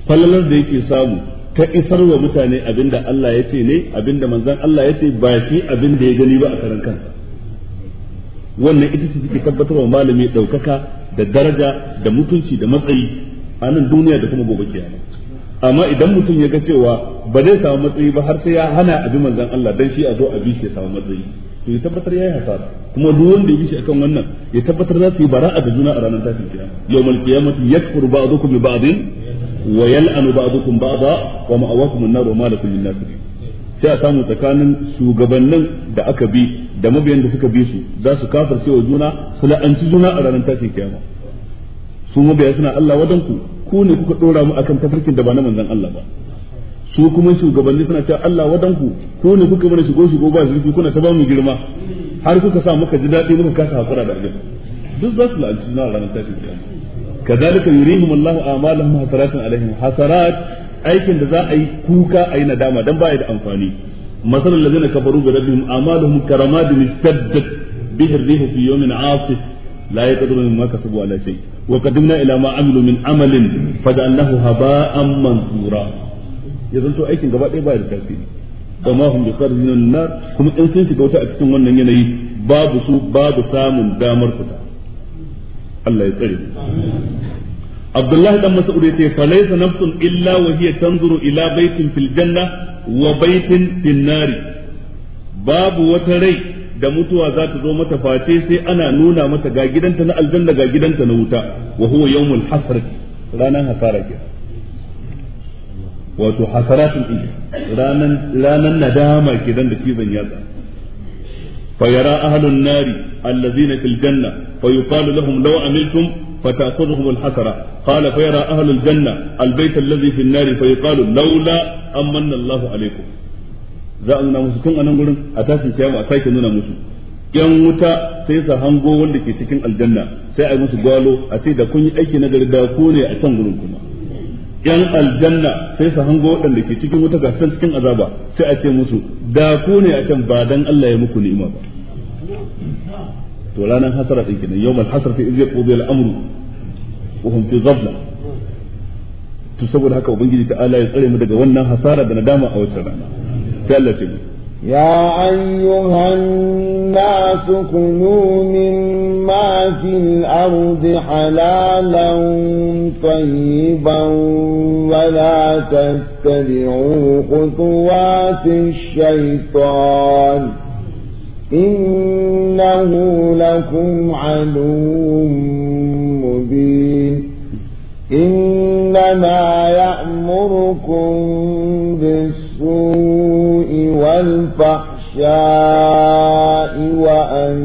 fallalar da yake samu ta isar wa mutane abinda Allah ya ce ne abinda manzon Allah ya ce ba shi abinda ya gani ba a karan kansa wannan ita ce take tabbatar wa malami daukaka da daraja da mutunci da matsayi a nan duniya da kuma gobe kiyama amma idan mutum ya ga cewa ba zai samu matsayi ba har sai ya hana abin manzon Allah dan shi a zo a bi shi ya samu matsayi to ya tabbatar yayi hasara kuma duk wanda ya bishi akan wannan ya tabbatar za su yi bara'a da juna a ranar tashin kiyama yawmal qiyamati yakfuru ba'dukum bi ba'din wa yal'anu ba'dukum ba'da wa ma'awakum an-nar wa ma lakum min sai a samu tsakanin shugabannin da aka bi da mabiyan da suka bi su za su kafirce wa juna su la'anci juna a ranar tashin kiyama su mabiya suna Allah wadanku ku ne kuka dora mu akan tafarkin da ba na manzon Allah ba su kuma shugabanni suna cewa Allah wadan ku ne kuka mana shigo shigo ba zurfi kuna ta ba mu girma har kuka sa muka ji daɗi muka kasa hakura da abin duk za su la'anci na ranar tashin kiyama kazalika yurihim Allahu a'malahum hasaratan alaihim hasarat aikin da za a yi kuka a yi nadama dan ba ya da amfani masalan lazina kafaru bi rabbihim a'maluhum karamadin istaddat bihi ar-rihu fi yawmin 'asif لا يقدرون مما كسبوا على wa وقدمنا إلى ما عملوا min amalin فجعلناه هباء منثورا ya zanto aikin gaba ɗaya ba da tasiri kama hum bikharijin nar kuma in sun shiga wuta a cikin wannan yanayi babu su babu samun damar fita Allah ya tsare Abdullahi dan Mas'ud yace fa laysa nafsun illa wa hiya tanzuru ila baitin fil janna wa baitin fin babu wata rai da mutuwa za ta zo mata face sai ana nuna mata ga gidanta na aljanna ga gidanta na wuta wa huwa yawmul hasrati ranan hasara kenan wato hasaratun ijin ranan ranan nadama kidan da cizon yatsa fa yara ahlun nari allazina fil janna fa yuqalu lahum law amiltum فتأخذهم الحسرة قال فيرى أهل الجنة البيت الذي في النار فيقال لولا أمن الله عليكم za a musu tun a nan gurin a tashin kiyama a sake nuna musu yan wuta sai su hango wanda ke cikin aljanna sai a yi musu gwalo a ce da kun yi aiki na gari da ku ne a can gurin kuma yan aljanna sai su hango waɗanda ke cikin wuta ga san cikin azaba sai a ce musu da ku ne a can ba dan Allah ya muku ni'ima ba to ranar hasara din kenan yawmal hasrati iz yaqdi al-amru wa hum fi Zabla? to saboda haka ubangiji ta'ala ya tsare mu daga wannan hasara da nadama a wannan rana sai Allah ya يا أيها الناس كلوا مما في الأرض حلالا طيبا ولا تتبعوا خطوات الشيطان إنه لكم عدو مبين إنما يأمركم بالسلام السوء والفحشاء وأن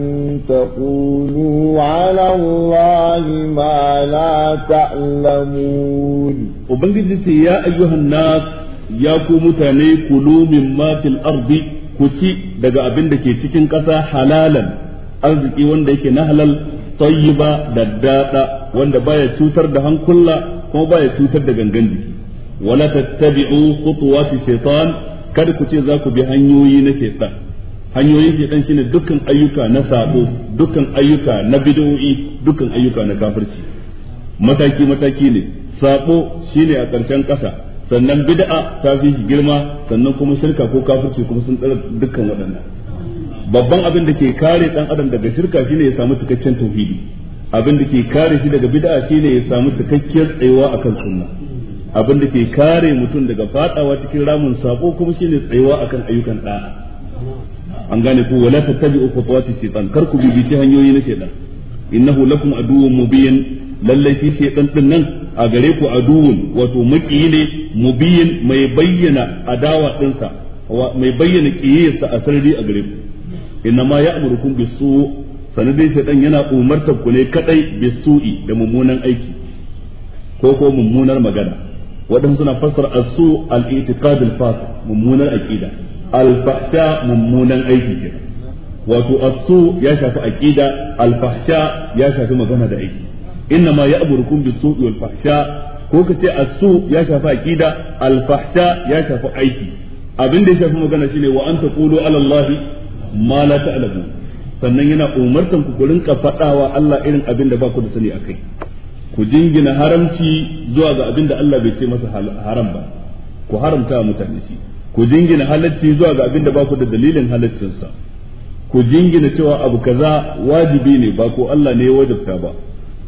تقولوا على الله ما لا تعلمون وبنجد يا أيها الناس يا كمتاني كلوا مما في الأرض كتي دقا أبن دكي تكن كسا حلالا arziki wanda yake na halal tayyiba da dada wanda baya cutar da hankula kuma baya cutar da gangan jiki wala tattabi'u khutuwati shaytan kada ku ce za ku bi hanyoyi na shaytan hanyoyin shaytan shine dukkan ayyuka na sabo dukkan ayyuka na bid'o'i dukkan ayyuka na kafirci mataki mataki ne sabo shine a ƙarshen ƙasa sannan bid'a ta fi shi girma sannan kuma shirka ko kafirci kuma sun tsara dukkan waɗannan babban abin da ke kare dan adam daga shirka shine ya samu cikakken tauhidi abin da ke kare shi daga bid'a shine ya samu cikakkiyar tsayuwa akan sunna abin da ke kare mutum daga fadawa cikin ramin sako kuma shine tsayuwa akan ayyukan da'a an gane ku wala tattabi'u khutuwati shaytan kar ku bibici hanyoyi na shaytan innahu lakum aduwwun mubin lalle shi shaytan din nan a gare ku aduwwun wato maki ne mubin mai bayyana adawa sa mai bayyana kiyayarsa a sarari a gare ku ma ya'murukum bisu sanadin shaytan yana umartar ku ne kadai bisu'i da mummunan aiki ko ko mummunar magana waɗansu suna fassara asu al-i'tiqad al mummunan aqida al-fahsha mummunan aiki kenan wato asu ya shafi aqida al-fahsha ya shafi magana da aiki inna ma ya'murukum bis-su'i wal-fahsha ko kace asu ya shafi aqida al-fahsha ya shafi aiki abin da ya shafi magana shine wa an taqulu ala allahi ma la ta'lamu sannan yana umartan ku gurin rinka fadawa Allah irin abin da ba ku da sani akai ku jingina haramci zuwa ga abin da Allah bai ce masa haram ba ku haramta mutane shi ku jingina halacci zuwa ga abin da ba ku da dalilin halaccinsa ku jingina cewa abu kaza wajibi ne ba ko Allah ne ya wajabta ba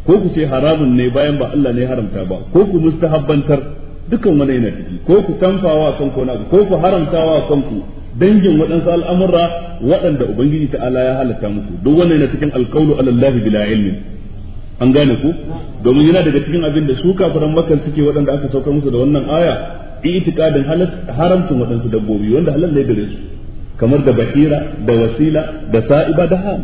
ko ku ce haramun ne bayan ba Allah ne ya haramta ba ko ku mustahabbantar dukan wani yana ciki ko ku canfawa kanku wani ko ku haramtawa kanku dangin waɗansu al'amura waɗanda ubangiji ta'ala ya halatta muku duk wannan yana cikin alqawlu ala Allah bila ilmin an gane ku domin yana daga cikin abin da su kafiran makan suke waɗanda aka saukar musu da wannan aya itikadin haramcin waɗansu dabbobi wanda halal ne gare su kamar da bahira da wasila da sa'iba da ham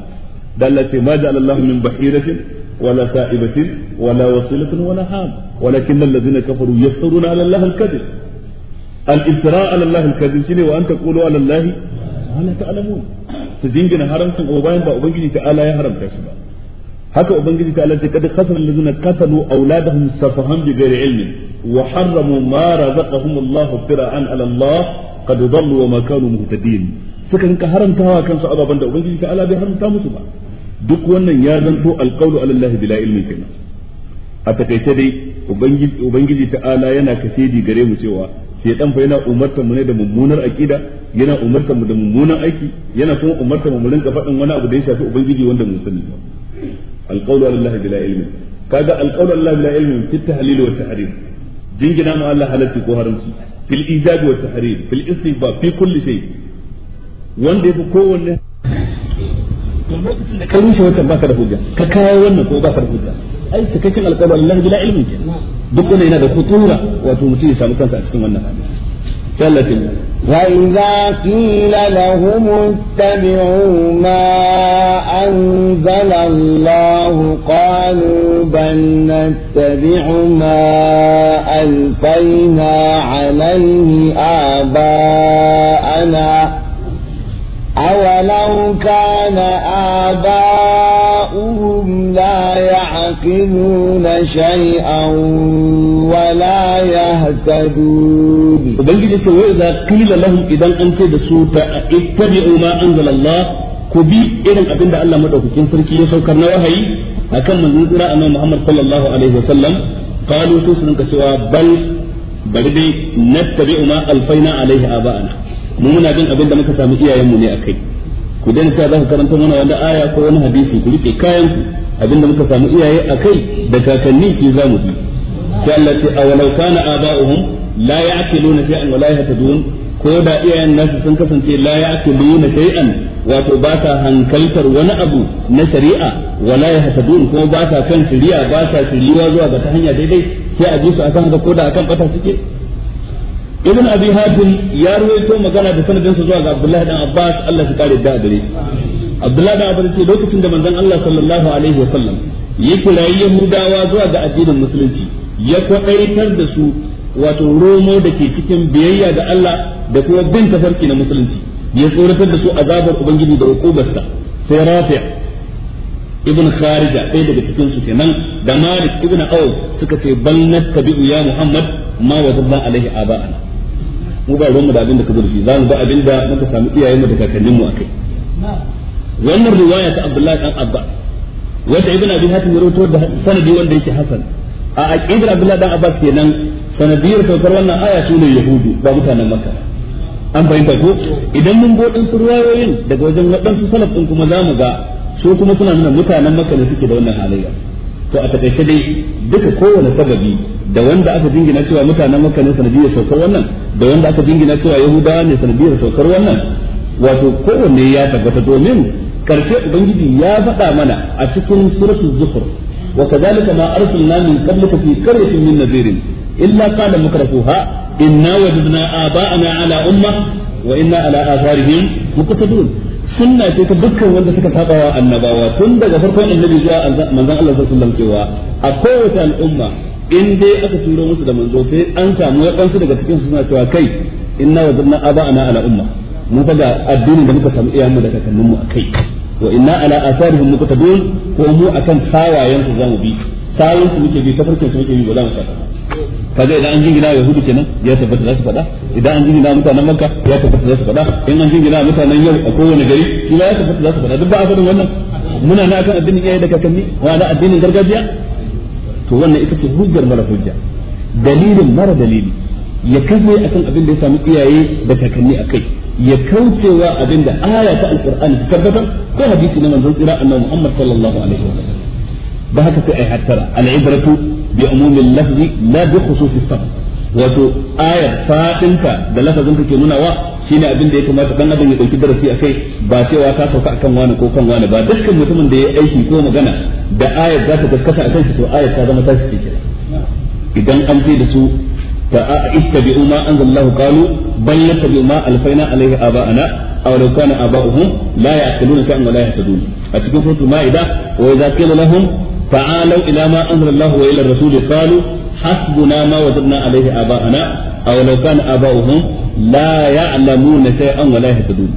da Allah ce ma ja'ala Allah min bahiratin wala sa'ibatin wala wasilatin wala ham walakin allazina kafaru yaftaruna ala Allah al-kadhib al-iftira ala Allah al-kadhib shine wa anta qulu ala Allah ma la ta'lamun su jingina haramcin bayan ba ubangiji ta'ala ya haramta su ba haka ubangiji ta Allah kada kasar khasara allazina qatalu auladahum safahan bi ghairi ilmin wa harramu ma razaqahum Allah fir'an ala Allah qad dallu wa ma kanu muhtadin suka rinka haramtawa kansu ababan da ubangiji ta Allah bai haramta musu ba duk wannan ya zanto alqawlu ala Allah bila ilmin kenan a takaice dai ubangiji ubangiji ala yana kasidi gare mu cewa shedan fa yana umartar mu ne da mummunar aqida yana umartar mu da mummunan aiki yana kuma umartar mu mu rinka faɗin wani abu da ya shafi ubangiji wanda mu sani ba alqawlu lillahi bila ilmi kaga alqawlu lillahi bila ilmi fi tahlil wa tahrim jingina ma Allah halatti ko haramci fil ijab wa tahrim fil istighfar fi kulli shay wanda yafi da ka rushe wancan baka da hujja ka kawo wannan ko baka da hujja ai cikakken alqawlu lillahi bila ilmi duk wanda yana da khutura wato mutum وإذا قيل لهم اتبعوا ما أنزل الله قالوا بل نتبع ما ألقينا عليه آباءنا أولو كان آباؤهم لا ينفذون شيئا ولا يهتدون وبنجد وإذا قيل لهم إذا أنت دسوت اتبعوا ما أنزل الله كبي إذا أبند الله مدعوك كنسر كي يسوكر نوهي أكم من نزل أمام محمد صلى الله عليه وسلم قالوا سوسنا كسوا بل بردي نتبع ما ألفينا عليه آباءنا muna bin abin da muka samu iyayenmu ne a kai ku dan sa za ku karanta mana wani aya ko wani hadisi ku rike kayan ku abinda muka samu iyaye a kai da kakanni shi za mu bi sai Allah ce a walau kana aba'uhum la ya'qiluna shay'an wa la yahtadun ko da iyayen nasu sun kasance la ya'qiluna shay'an wato ba ta hankaltar wani abu na shari'a wa la yahtadun ko ba ta kan shari'a ba ta shiriwa zuwa ga ta hanya daidai sai a ji su akan haka ko da akan bata suke ibn abi hatim ya ruwaito magana da sanadinsa zuwa ga abdullahi dan abbas Allah shi kare da gare shi abdullahi da ce lokacin da manzon Allah sallallahu alaihi wa ya kirayi yahudawa zuwa ga addinin musulunci ya kwadaitar da su wato romo da ke cikin biyayya da Allah da kuma bin tafarki na musulunci ya tsoratar da su azabar ubangiji da hukubarsa sai rafi' ibn kharija ɗaya daga cikin su kenan da malik ibn awf suka ce bal nattabi'u ya muhammad ma wajadna alaihi aba'ana mu ba ruwan mu da abin da ka zo shi za mu ba abin da muka samu iyayen mu da kakannin mu akai wannan riwaya ta Abdullahi dan Abba wata ibn Abi Hatim ya rawaito da sanadi wanda yake hasan a aqidar Abdullahi dan Abbas kenan sanadiyar saukar wannan aya su ne yahudu ba mutanen makka an fahimta ko idan mun bodin su riwayoyin daga wajen waɗansu salaf din kuma zamu ga su kuma suna nuna mutanen makka ne suke da wannan halayya to a takaice dai duka kowane sababi da wanda aka jingina cewa mutanen makka ne sanadiyar saukar wannan da wanda aka jingina cewa yahudawa ne sanadiyar saukar wannan wato kowanne ya tabbata domin karshe ubangiji ya faɗa mana a cikin suratul zufur wa kadhalika ma arsalna min qablika fi qaryatin min nadhirin illa qala mukrafuha inna wajadna aba'ana ala umma wa inna ala atharihim muqtadun sunna ce ta dukkan wanda suka wa annabawa tun daga farkon annabi zuwa manzon Allah sallallahu alaihi wasallam cewa a kowace al'umma in dai aka turo musu da manzo sai an samu kansu daga cikin suna cewa kai inna wajadna aba'ana ala umma mun ga addinin da muka samu iyayenmu da kakanninmu a kai wa inna ala asarihim muqtadun ko mu akan sawayen su zamu bi sawayen su muke bi tafarkin su muke bi ba za mu saka kaga idan an jingina yahudu kenan ya tabbata za su faɗa idan an jingina mutanen makka ya tabbata za su faɗa in an jingina mutanen yau a kowane gari shi ya tabbata za su faɗa duk ba a fadin wannan muna na akan addinin iyaye da kakanni wa na addinin gargajiya to wannan ita ce hujjar mara hujja dalilin mara dalili ya kasance akan abin da ya samu iyaye da kakanni akai ya kauce kaucewa abinda aya ta alqur'ani ta tabbatar ko hadisi na manzon tsira annabi Muhammad sallallahu alaihi wasallam ba haka sai ai hattara al-ibratu bi umumil lafzi la bi khususis sabab wato ayar fadinka da lafazin ka nuna wa shine abin da ya kamata dan adam ya dauki darasi akai ba cewa ta sauka akan wani ko kan wani ba dukkan mutumin da ya aiki ko magana da ayar za ta gaskata akan shi to ayar ta zama tashi ce idan an ce da su فاتبعوا ما انزل الله قالوا بل نتبع ما الفينا عليه اباءنا او لو كان اباؤهم لا يعقلون شيئا ولا يهتدون اتكون سوره المائده واذا قيل لهم تعالوا الى ما انزل الله والى الرسول قالوا حسبنا ما وجدنا عليه اباءنا او لو كان اباؤهم لا يعلمون شيئا ولا يهتدون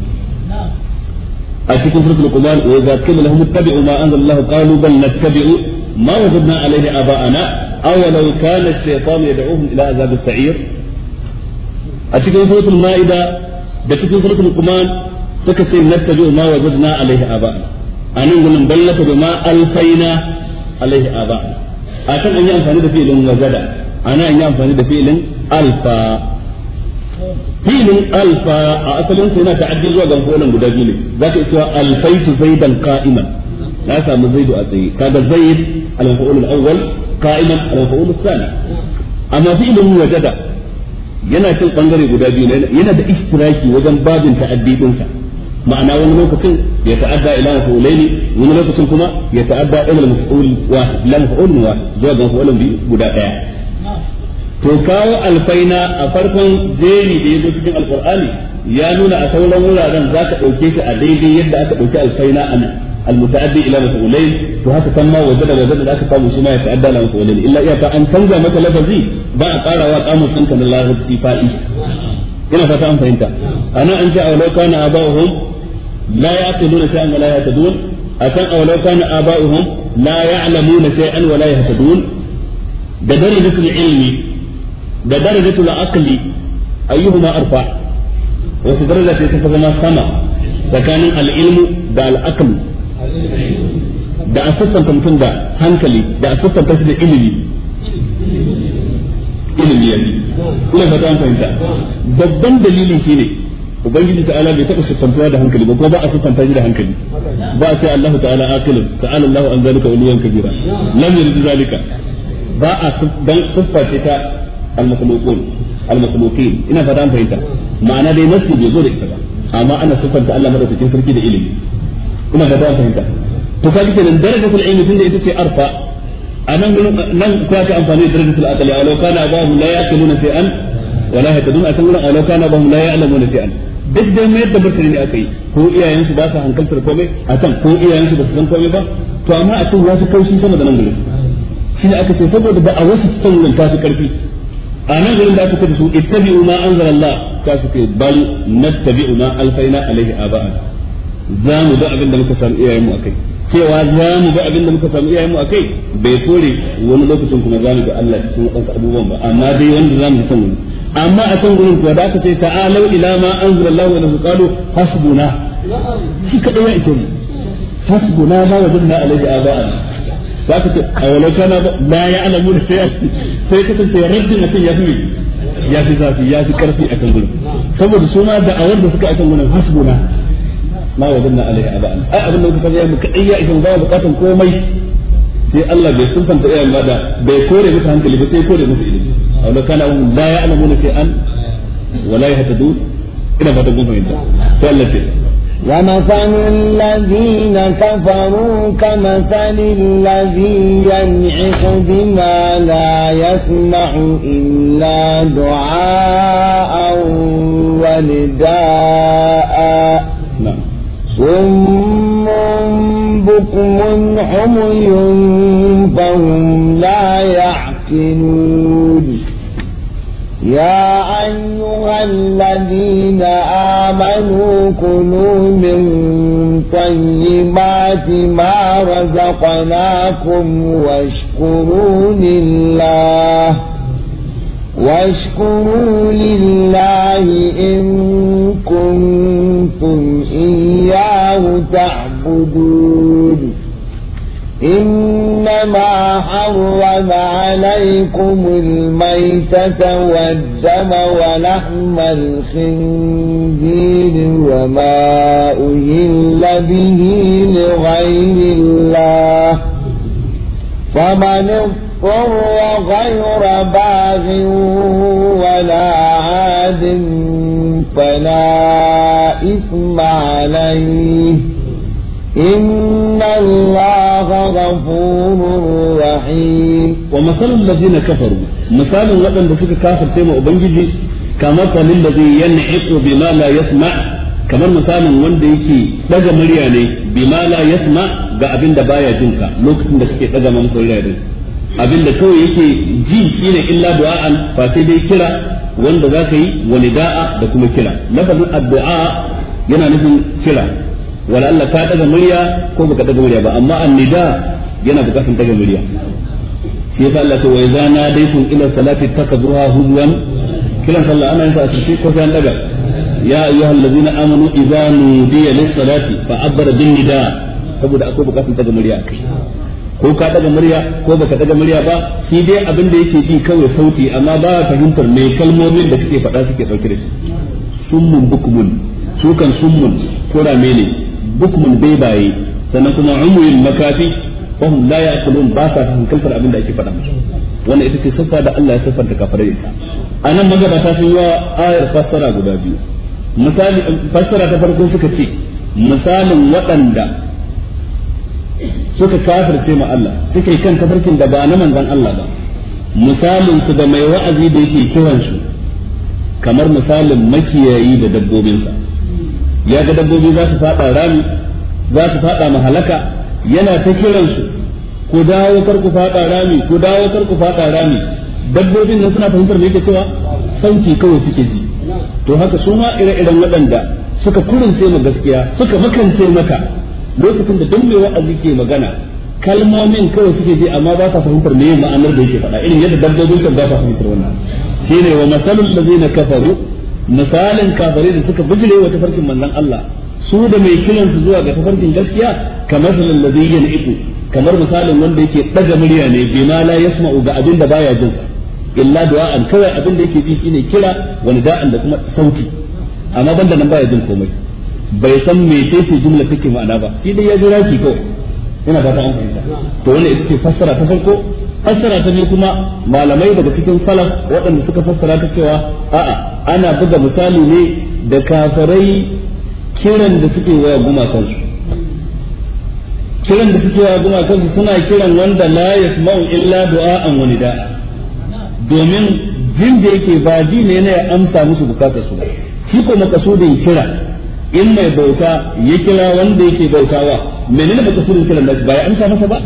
اتكون سوره القمان واذا قيل لهم اتبعوا ما انزل الله قالوا بل نتبع ما وجدنا عليه اباءنا اولو كان الشيطان يدعوهم الى عذاب السعير اتكلم سوره المائده بتكلم سوره القمان تكسي نتبع ما وجدنا عليه اباءنا ani gunin ballata da ma alfaina alaihi aba a kan an yi amfani da filin wajada a nan amfani da filin alfa filin alfa a asalin sai na ta'addi zuwa ga gonan guda biyu ne za ka iya cewa alfaitu zaidan ka'iman ka samu zaidu a tsaye kaga zaid al-maf'ul al-awwal yana cin bangare guda biyu yana da istiraki wajen babin ta'addidin sa ma'ana wani lokacin ya ta'adda ila maf'ulaini wani lokacin kuma ya ta'adda ila maf'ul wahid la maf'ul wahid zuwa ga maf'ulun biyu guda daya to kawo alfaina a farkon jeri da yazo cikin alqur'ani ya nuna a sauran wuraren zaka ɗauke shi a daidai yadda aka dauki alfaina المتعدي الى مفعولين وهكا كان da وجد وجد ذاك قام شي ما يتعدى الى مفعولين الا اذا ان تنزع مثلا لفظي با قارا وقام سنك الله fahimta ana an ce akan aulau da darajatul ilmi da darajatul aqli sama da al da a siffanta mutum da hankali da a siffanta shi da ilimi ilimi ya ne ina fata an fahimta babban shi ne ubangiji ta'ala bai taɓa siffantuwa da hankali ba ko ba a siffanta shi da hankali ba a ce Allahu ta'ala aqilun ta'ala Allahu an zalika uluwan kabira lam yurid zalika ba a dan sifface ta al-makhluqun al-makhluqin ina an fahimta ma'ana dai nasi bai zo da ita ba amma ana siffanta Allah madaukakin sarki da ilimi kuma da ta fahimta to kaji kenan darajatul ilmi tunda ita ce arfa anan gurin nan ko aka amfani da darajatul aqli alau kana bahu la yaqiluna shay'an wa la yahtadun akan gurin alau kana bahu la ya'lamuna shay'an duk da mai da basiri ne akai ko iyayen su ba su hankaltar komai akan ko su ba su san komai ba to amma a cikin wasu kaushi sama da nan gurin shi ne aka ce saboda ba a wasu cikin wurin ta fi karfi a nan gurin da aka ce su ittabi'u ma anzala ta su ke bal nattabi'u ma alfaina alaihi aba'a za mu bi abin da muka samu iyayenmu akai cewa za mu bi abin da muka samu iyayenmu akai bai kore wani lokacin kuma za mu bi Allah cikin waɗansu abubuwan ba amma dai wanda za mu san wani amma a can gurin kuwa da aka ce ta'alau ila ma anzalallahu wa nahu qalu hasbuna shi kadai ya ishe mu hasbuna ma wajadna alaihi aba'ana za ka ce a walau kana la ya'lamu da sai sai ka kasance rabbin mutum ya fi ya fi zafi ya fi karfi a can gurin saboda su ma da'awar da suka a can gurin hasbuna ma wajanna alaihi aba'an ai abin da kuka sani mu kadai ya isa ba bukatun komai sai Allah bai sunfanta iyayen ba da bai kore musu hankali ba sai kore musu ilimi aw la kana la ya'lamuna shay'an wa la yahtadun ina fatan kun fahimta to Allah ce ومثل الذين كفروا كمثل الذي ينعق بما لا يسمع إلا دعاء ونداء صم بكم عمي فهم لا يعقلون يا أيها الذين آمنوا كلوا من طيبات ما رزقناكم واشكروا لله واشكروا لله إن كنتم إياه تعبدون إنما حرم عليكم الميتة والدم ولحم الخنزير وما أهل به لغير الله فمن اضطر فر غير باغ ولا عاد فلا إثم عليه إن الله غفور رحيم ومثل الذين كفروا مثال لقد بسك كافر سيما أبنجي كمثل الذي ينعق بما لا يسمع kamar misalin wanda yake daga murya ne bima la yasma ga abin da baya jinka lokacin da kake daga mamsar rayuwa da kawai yake ji shine illa du'a'an fa sai dai kira wanda za ka yi wa nida'a da kuma kira lafazin addu'a yana nufin kira wala Allah ka daga murya ko baka daga murya ba amma annida yana bukatun daga murya shi yasa Allah ce wa idza nadaytum ila salati takabruha huzwan kiran sallah ana yin sa a cikin ko sai an daga ya ayyuhal ladzina amanu idza nudiya lis salati fa abbara bin nida saboda akwai bukatun daga murya akai ko ka daga murya ko baka daga murya ba shi dai abin da yake ji kawai sauti amma ba ka fahimtar me kalmomin da kake faɗa suke dauke da shi summun bukmun su kan summun da ne bukmun bai baye sannan kuma umuyul makafi fahum la yaqulun ba sa hankaltar abin da ake faɗa musu wannan ita ce siffa da Allah ya siffanta kafirai ita anan magabata sun yi ayar fassara guda biyu misali fassara ta farko suka ce misalin waɗanda suka kafirce ma Allah suke kan tafarkin da ba na manzon Allah ba misalin su da mai wa'azi da yake kiran su kamar misalin makiyayi da dabbobinsa ya ga dabbobi za su fada rami za su fada mahalaka yana ta kiran su ku dawo kar ku fada rami ku dawo kar ku fada rami dabbobin nan suna fahimtar me yake cewa sauki kawai suke ji to haka su ma ire-iren waɗanda suka kurince mu gaskiya suka makance maka lokacin da don mai wa'azi ke magana kalmomin kawai suke ji amma ba sa fahimtar me ma'anar da yake faɗa irin yadda dabbobin kan ba sa fahimtar wannan shi ne wa masalul na kafaru misalin kafare da suka bijire wa tafarkin manzon Allah su da mai kiran zuwa ga tafarkin gaskiya kamar salul ladzi iku, kamar misalin wanda yake daga murya ne bima la yasma'u ga abin da baya jin sa illa du'a'an kawai abin da yake ji shine kira wani da'an da kuma sauti amma banda nan baya jin komai bai san me ce jumla take ma'ana ba shi dai ya jira shi ko ina fata an fahimta to wannan ita ce fassara ta farko fassara ta biyu kuma malamai daga cikin salaf waɗanda suka fassara ta cewa a'a ana buga misali ne da kafirai kiran da suke waya gumakansu kiran da suke waya gumakansu suna kiran wanda la yasma'u illa du'a'an wani da'a domin jin da yake ba ji ne ya amsa musu bukatar su ba shi ko makasudin kira in mai bauta ya kira wanda yake bautawa menene ba kasurin kiran nashi ba ya amsa masa ba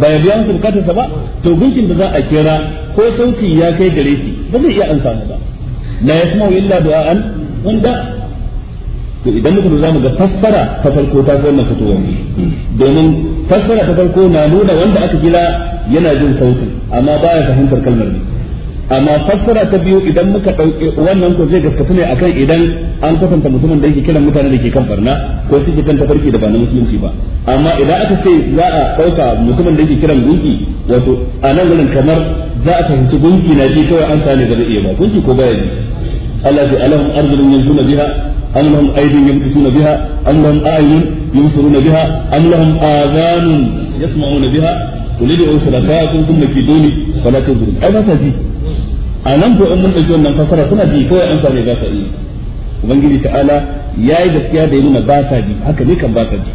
ba ya biya masa bukatarsa ba to gunkin da za a kira ko sauti ya kai gare shi ba zai iya amsa ba la yasma'u illa du'an wanda to idan muka za mu ga fassara ta farko ta fi wannan fitowar domin fassara ta farko na nuna wanda aka kira yana jin sautin amma baya fahimtar kalmar ne amma fassara ta biyu idan muka ɗauke wannan ko zai gaskata ne akan idan an kasanta mutumin da yake kiran mutane da ke kan barna ko suke kan tafarki da ba na musulunci ba amma idan aka ce za a ɗauka mutumin da yake kiran gunki wato a nan wurin kamar za a fahimci gunki na ji kawai an sani ba zai iya ba gunki ko baya ji Allah ya alahum arzulun yanzuna biha am lahum aydin yamtusuna biha am lahum a'yun yubsiruna biha am lahum adhanun yasma'una biha kulli id'u shurakakum thumma kiduni fala tudrun ai ba ta ji a nan ko in mun ɗauki wannan fasara suna ji kawai an sare za ta yi ubangiji ta'ala yayi gaskiya da ya nuna ba ta ji haka ne kan ba ta ji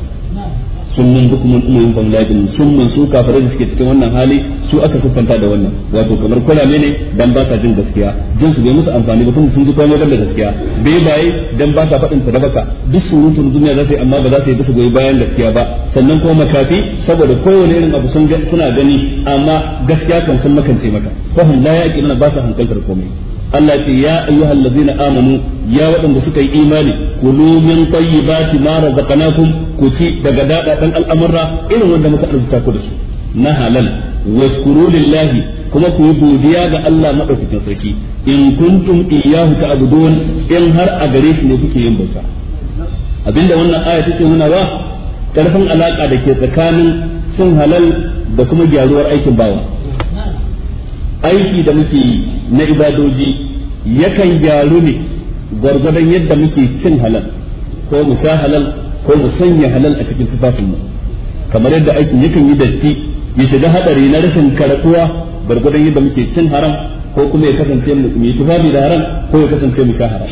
summun bukumun umayyin bamlajin summun su kafare da suke cikin wannan hali su aka siffanta da wannan wato kamar kwalame ne dan ba sa jin gaskiya jin su bai musu amfani ba kuma sun ji komai da gaskiya bai baye dan ba sa faɗin baka. duk surutun duniya za su yi amma ba za su yi bisa goyi bayan gaskiya ba sannan kuma makafi saboda kowane irin abu sun suna gani amma gaskiya kan san makance maka fahim la yaqiluna ba sa hankaltar komai Allah ce ya ayyuhal ladzina amanu ya waɗanda suka yi imani kulu min tayyibati ma razaqnakum kuci daga dadadan al'amurra irin wanda muka arzuta ku da su na halal waskuru lillahi kuma ku yi godiya ga Allah madaukakin sarki in kuntum iyyahu ta'budun in har a gare shi ne kuke yin bauta abinda wannan aya take nuna ba karfin alaka da ke tsakanin cin halal da kuma gyaruwar aikin bawa aiki da muke yi na ibadoji yakan gyaru ne gwargwadon yadda muke cin halal ko mu halal ko mu sanya halal a cikin tufafin mu kamar yadda aikin yakan yi datti ya shiga hadari na rashin karatuwa gargadon yadda muke cin haram ko kuma ya kasance mu yi tufafi da haram ko ya kasance mu sha haram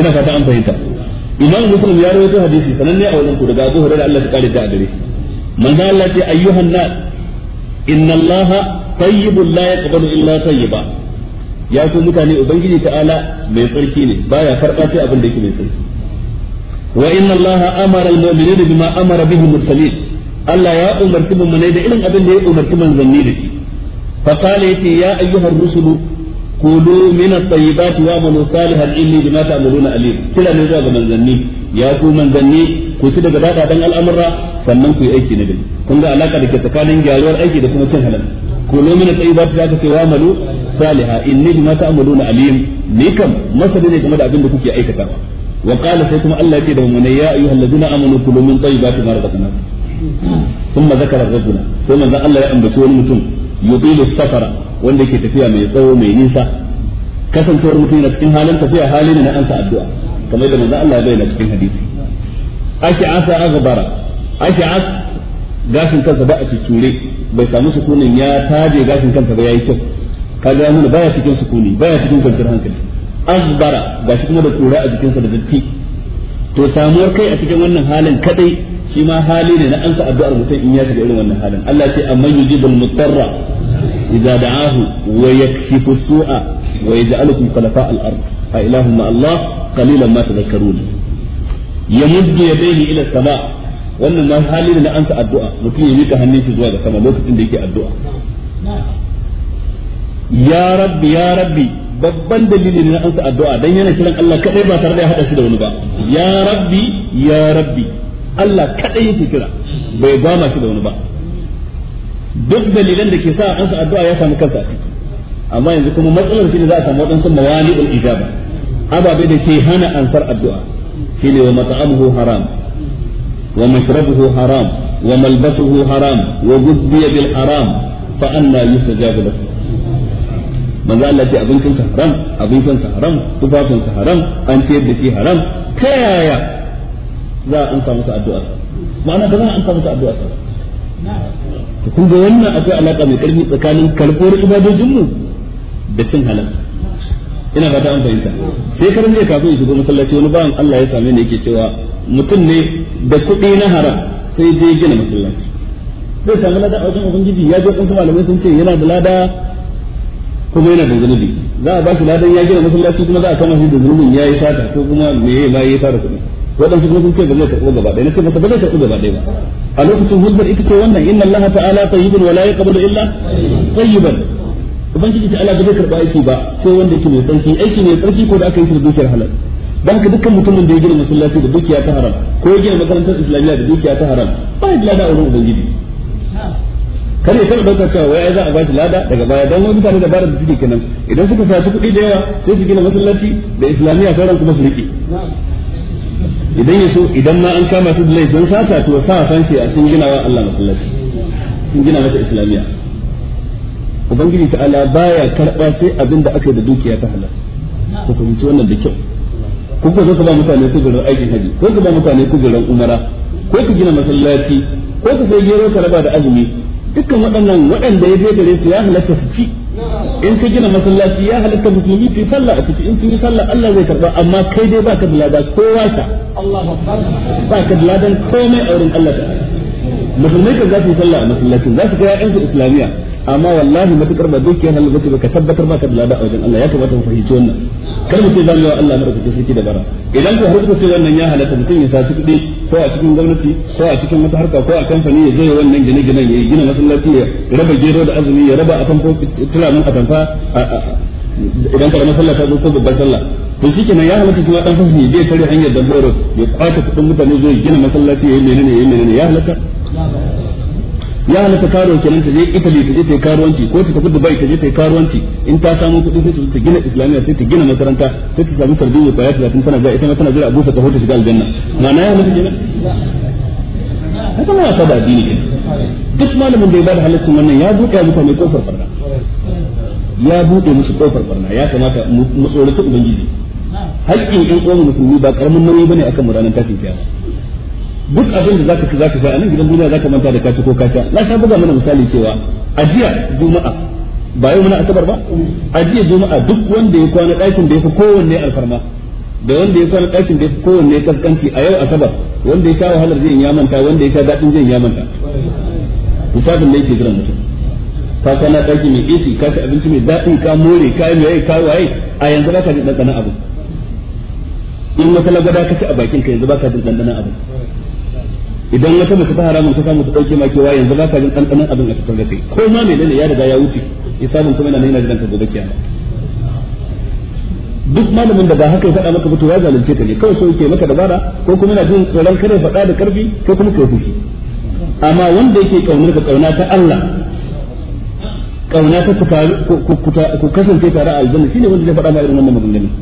ina fata an fahimta imam muslim ya rawaito hadisi sananne a wajen ku daga abu hurairah Allah ya kare da adare shi manzo Allah ce ayyuhan nas inna Allah tayyibun la yaqbalu illa tayyiba ya ku mutane ubangiji ta'ala mai tsarki ne baya karba sai abin da yake mai tsarki wa inna allaha amara al-mu'minina bima amara bihi mursalin Allah ya umarci mu mu'minai da irin abin da ya umarci manzanni da shi fa qala yati ya ayyuhar rusulu kulu min at-tayyibat wa amalu salihan inni bima ta'maluna alim kila ne zuwa ga manzanni ya ku manzanni ku ci daga dada dan al'amura sannan ku yi aiki na da kun ga alaka da ke tsakanin gyaruwar aiki da kuma cin halal kulu min at-tayyibat za ka ce wa amalu salihan inni bima ta'maluna alim ni kam masali ne game da abin da kuke aikatawa wa qala sai kuma Allah ce da mu ya ayyuhal ladina amanu kulu min tayyibati ma razaqnakum thumma zakara rajula sai manzo Allah ya ambaci wani mutum yudilu safara wanda yake tafiya mai tsawo mai nisa kasancewar mutum yana cikin halin tafiya halin na an sa addu'a kamar da manzo Allah ya bayyana cikin hadisi asa aghbara gashin kansa ba a cuture bai samu sukunin ya taje gashin kansa ba yayi kyau kaga ya nuna baya cikin sukuni baya cikin kwanciyar hankali azbara shi kuma da kura a jikinsa da datti to samuwar kai a cikin wannan halin kadai shi ma hali ne na an sa addu'ar mutum in ya shiga irin wannan halin Allah ce amma yujibul mutarra idza da'ahu wa yakshifu su'a wa yaj'alukum khulafa al-ard a ilahum ma Allah qalilan ma tadhakkarun yamuddu yadayhi ila sama wannan ma hali ne na an sa addu'a mutum ya mika hannun shi zuwa ga sama lokacin da yake addu'a ya rabbi ya rabbi babban dalili ne na ansa addu'a dan yana kiran Allah kadai ba tare da ya hada shi da wani ba ya rabbi ya rabbi Allah kadai yake kira bai gama shi da wani ba duk dalilan da ke sa ansa addu'a ya samu kansa ciki amma yanzu kuma matsalar shi ne za a samu wadansu mawani'ul ijaba ababe da ke hana ansar addu'a shine wa mat'amuhu haram wa mashrabuhu haram wa malbasuhu haram wa gudbiya bil haram fa anna yustajabu manzo Allah ce abincin ka haram abincin ka haram tufafin ka haram an ce da shi haram ta yaya za a amsa masa addu'a ma'ana ba za a amsa masa addu'a sa to kun ga wannan akwai alaka mai karfi tsakanin karɓar ibadojin mu da cin halal ina fata an fahimta sai karin jiya kafin shigo masallaci wani bawan Allah ya same ni yake cewa mutum ne da kuɗi na haram sai dai gina masallaci zai samu lada a wajen ubangiji ya je kun su malamai sun ce yana da lada kuma yana da zunubi za a ba shi ladan ya gina masallaci kuma za a kama shi da zunubin ya yi sata ko kuma me ya yi sata kuɗi waɗansu kuma sun ce ba zai karɓi gaba ɗaya na ce masa ba zai karɓi gaba ɗaya ba a lokacin hulɗar ita ce wannan inna allaha ta'ala tayyibun wa la yaqbalu illa tayyiban ubangiji ta Allah ba zai karɓi aiki ba sai wanda yake mai tsarki aiki mai tsarki ko da aka yi shi da dukiyar halal dan haka dukkan mutumin da ya gina masallaci da dukiya ta haram ko ya gina makarantar islamiyya da dukiya ta haram ba ya da ladan ubangiji kar ya kada daukar cewa wai za a bashi lada daga baya don wani mutane da bara da suke kenan idan suka saci kuɗi da yawa sai su gina masallaci da islamiyya sauran kuma su riƙe idan ya so idan ma an kama su da laifin sata to sa fanshi a sun gina wa Allah masallaci sun gina masa islamiyya ubangiji ala baya karɓa sai abin da aka yi da dukiya ta halal ku fahimci wannan da kyau ko ku zo ka ba mutane kujerar aikin haji ko ka ba mutane kujerar umara ko ka gina masallaci ko ka sai gero ka raba da azumi dukkan waɗannan waɗanda ya gare su ya halatta su ci in ka gina masallaci ya halatta musulmi su yi sallah a ciki in sun yi sallah Allah zai karɓa amma kai dai baka da lada kowa sha baka da ladan komai a wurin Allah ta'ala musulmai kan za su yi sallah a masallacin za su ga ƴaƴansu islamiyya amma wallahi matukar ba duk yana lokaci ba ka tabbatar ba ka da lada a wajen Allah ya kamata mu fahimci wannan kar mu ce za mu yi wa Allah rubuta sarki da bara idan ka rubuta sai wannan ya halatta mutum ya saci kudi ko a cikin gwamnati ko a cikin wata harka ko a kamfani ya zai wannan gine-ginen ya gina masallaci ya raba gero da azumi ya raba atamfo tulamin atamfa idan ka sallah ta zo ko babbar sallah to nan ya halatta cewa dan fashi zai fara hanyar dan ya kwata kudin mutane zai gina masallaci yi menene yi menene ya halatta ya halatta karuwa kenan ta je Italy ta je ta yi karuwanci ko ta tafi Dubai ta je ta yi karuwanci in ta samu kuɗi sai ta gina islamiyya sai ta gina makaranta sai ta samu sarbi mai kwaya talatin tana zai ita ma tana zuwa abusa ta ta shiga aljanna ma'ana ya halatta kenan haka ma wasa da addini kenan duk malamin da ya bada halaccin wannan ya buɗe mutane farfar na ya buɗe musu farfar na ya kamata mu tsorata ubangiji haƙƙin ɗan uwan musulmi ba ƙaramin nauyi bane akan mu ranar tashin kiyama duk abin da zaka ci zaka sha a nan gidan duniya zaka manta da ka ci ko ka sha na sha buga mana misali cewa ajiya juma'a ba yau muna asabar ba ajiya juma'a duk wanda ya kwana ɗakin da ya fi kowanne alfarma da wanda ya kwana ɗakin da ya fi kowanne kaskanci a yau asabar wanda ya sha wahalar zai ya manta wanda ya sha daɗin zai ya manta misalin da yake jiran mutum ka kwana ɗaki mai isi ka ci abinci mai daɗi ka more ka yi mai ka waye a yanzu ba ka jin ɗanɗanon abu in wata lagwada ka ci a bakin ka yanzu ba ka jin ɗanɗanon abu idan wata mace ta haramun ta samu ta dauke ma kewa yanzu ba ka jin abin a cikin kai ko ma mai dane ya riga ya wuce ya samu kuma yana nuna jiran ka gobe kiyama duk malamin da ba haka ya faɗa maka ba to ya zalunce ka ne kawai so yake maka dabara ko kuma yana jin tsoron kare faɗa da karfi ko kuma kai fushi amma wanda yake kaunar ka kauna ta Allah kauna ta ku kasance tare a aljanna shine wanda zai faɗa ma irin wannan maganganun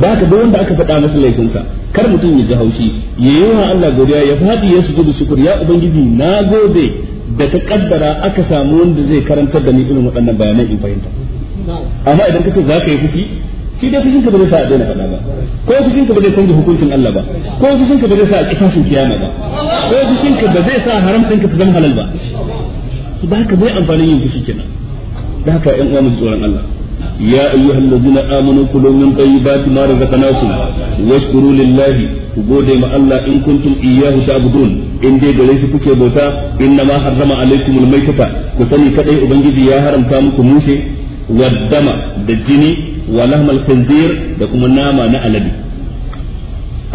Ba ka duk wanda aka faɗa masa laifinsa kar mutum ya ji haushi ya yi wa Allah godiya ya faɗi ya su gudu shukur ya ubangiji na gode da ta kaddara aka samu wanda zai karantar da ni irin waɗannan bayanan in fahimta amma idan kace za ka yi fushi shi dai fushinka ba zai sa a daina faɗa ba ko fushinka ba zai canza hukuncin Allah ba ko fushinka ba zai sa a kitabun kiyama ba ko fushinka ba zai sa haramtanka ta zama halal ba ba ka bai amfanin yin fushi kenan da haka ƴan uwa mu tsoron Allah يا أيها الذين آمنوا كلوا من طيبات ما رزقناكم واشكروا لله وجودي ما الله إن كنتم إياه تعبدون إن دي جليس كوكي بوتا إنما حرم عليكم الميتة كسني كتي أبنجي يا هرم تامكم موسي والدم دجني ولهم الخنزير دكم النام نألبي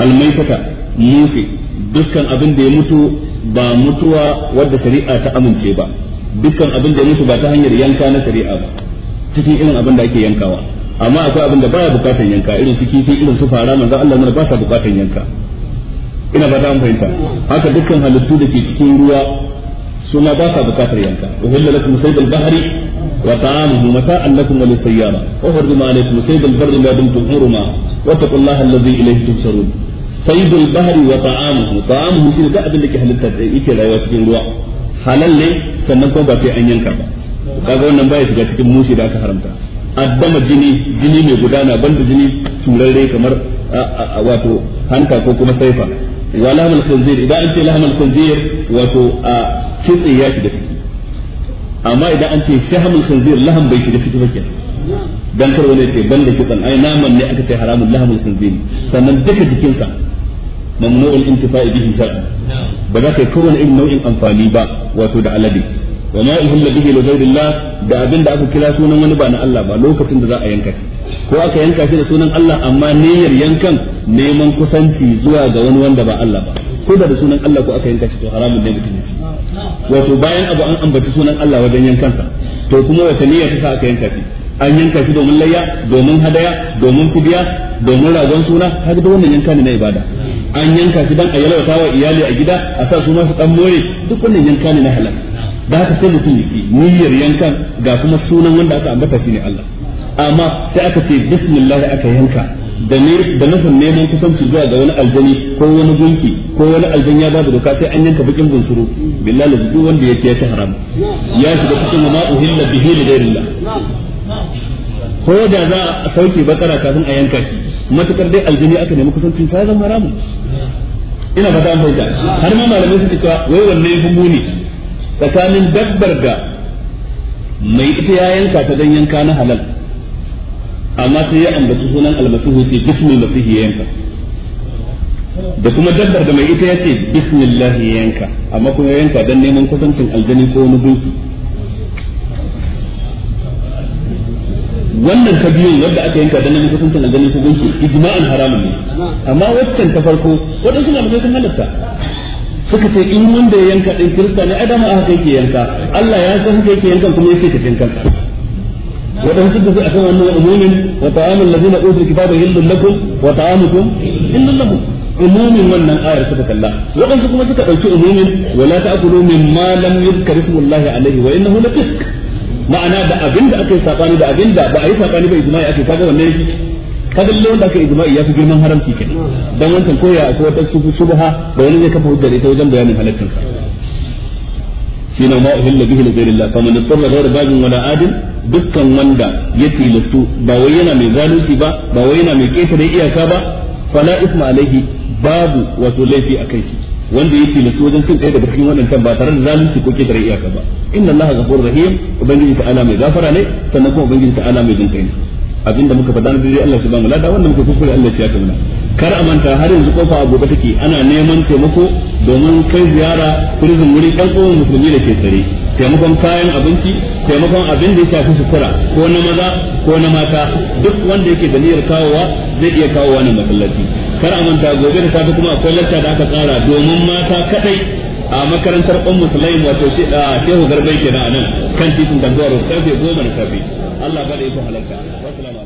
الميتة موسي dukkan abin da ya mutu ba mutuwa wadda shari'a ta amince ba dukkan abin da ya mutu ba ta hanyar yanka na shari'a ba cikin irin abin da ake yankawa amma akwai abin da baya bukatan yanka irin su kifi irin su fara manzo Allah mana ba sa bukatan yanka ina ba ta an fahimta haka dukkan halittu da ke cikin ruwa su ma ba sa bukatar yanka uhilla lakum sayd al bahri wa ta'amuhu mata'an lakum wa lisayyara wa hurrima alaykum al barri ma dumtum hurma wa taqullaha alladhi ilayhi sayd al bahri wa ta'amuhu ta'amuhu shi da abin da ke halitta da yake rayuwa cikin ruwa halal ne sannan ko ba sai an yanka ba kaga wannan baya shiga cikin mushi da aka haramta addama jini jini mai gudana banda jini turarre kamar wato hanta ko kuma saifa wa lahmal khinzir idan an ce lahmal khinzir wato a kitse ya shiga ciki amma idan an ce shahmul khinzir laham bai shiga ciki ba kenan dan kar wani ce banda kitsan ai naman ne aka ce haramun lahmul khinzir sannan duka jikinsa mamnu'ul intifa'i bihi shar'an ba za ka yi kowane irin nau'in amfani ba wato da alade wa ma uhilla bihi li ghayrillah da abin da aka kira sunan wani ba na Allah ba lokacin da za a yanka shi ko aka yanka shi da sunan Allah amma niyyar yankan neman kusanci zuwa ga wani wanda ba Allah ba ko da sunan Allah ko aka yanka shi to haramun ne mutum shi wato bayan abu an ambaci sunan Allah wajen yankansa to kuma wata niyya ta sa aka yanka shi an yanka shi domin layya domin hadaya domin kubiya domin ragon suna haka da wannan yanka ne na ibada an yanka shi dan a yalwata wa iyali a gida a sa su masu dan more duk wannan yanka ne na halal da haka sai mutum yake niyyar yankan ga kuma sunan wanda aka ambata shine Allah amma sai aka ce bismillah aka yanka da ne da nufin neman kusanci zuwa ga wani aljani ko wani gunki ko wani aljani ya babu doka sai an yanka bakin gunsuru billahi duk wanda yake ya ci haram ya shiga cikin ma bihi lillahi ko da za a sauke bakara kafin a yanka shi matukar dai aljini aka nemi kusanci ta zama haramun ina ba an fahimta har ma malamai suke cewa wai wanne ya fi muni tsakanin dabbar da mai ita ya yanka ta dan yanka na halal amma sai ya ambaci sunan almasihu ce bismil masihi ya yanka da kuma dabbar da mai ita ya ce bismillah ya yanka amma kuma ya yanka dan neman kusancin aljini ko wani gunki wannan ta biyu wanda aka yanka dan nan kusancin aljanna ko gunki ijma'an haramun ne amma waccan ta farko wadansu malamai sun halatta suka ce in wanda ya yanka din kirista ne adam a haka yake yanka Allah ya san haka yake yankan kuma yake kafin kansa wadansu suka ce akan wannan umumin wa ta'amul ladina utul kitaba illal lakum wa ta'amukum illal lakum umumin wannan ayar suka kalla wadansu kuma suka dauki umumin wala ta'kulu mimma lam yuzkar ismullahi alaihi wa innahu lafisq ma'ana da abinda aka yi sabani da abinda ba a yi sabani ba ijma'i aka kaga wannan kaga lalle da aka ijma'i ya fi girman haramci kenan dan wancan koya akwai wata shubha da wani zai kafa hujjar ta wajen bayanin halaccin sa shine ma uhilla bihi li ghayri Allah faman tarra ghayra bajin wala adin dukkan wanda ya tilastu ba wai yana mai zalunci ba ba wai yana mai ketare iyaka ba fala isma alaihi babu wato laifi a kai shi wanda yake lasu wajen cin ɗaya daga cikin waɗancan ba tare da zalunci ko ketare iyaka ba inna allaha ghafurur rahim ubangiji ana mai gafara ne sannan kuma ubangiji ana mai jin kai ne abinda muka faɗa na dai Allah subhanahu wa ta'ala wanda muka kuskure Allah shi ya kamuna kar a manta har yanzu kofa a gobe take ana neman taimako domin kai ziyara prison wuri ɗan uwan musulmi da ke tsare taimakon kayan abinci taimakon abin da ya shafi sukura ko na maza ko na mata duk wanda yake da niyyar kawowa zai iya kawowa nan masallaci kar a manta gobe da safe kuma akwai lacca da aka tsara domin mata kadai a makarantar ummu sulaim wato shehu garbai kenan nan kan titin ganduwa karfe goma na safe Allah bada ku halarta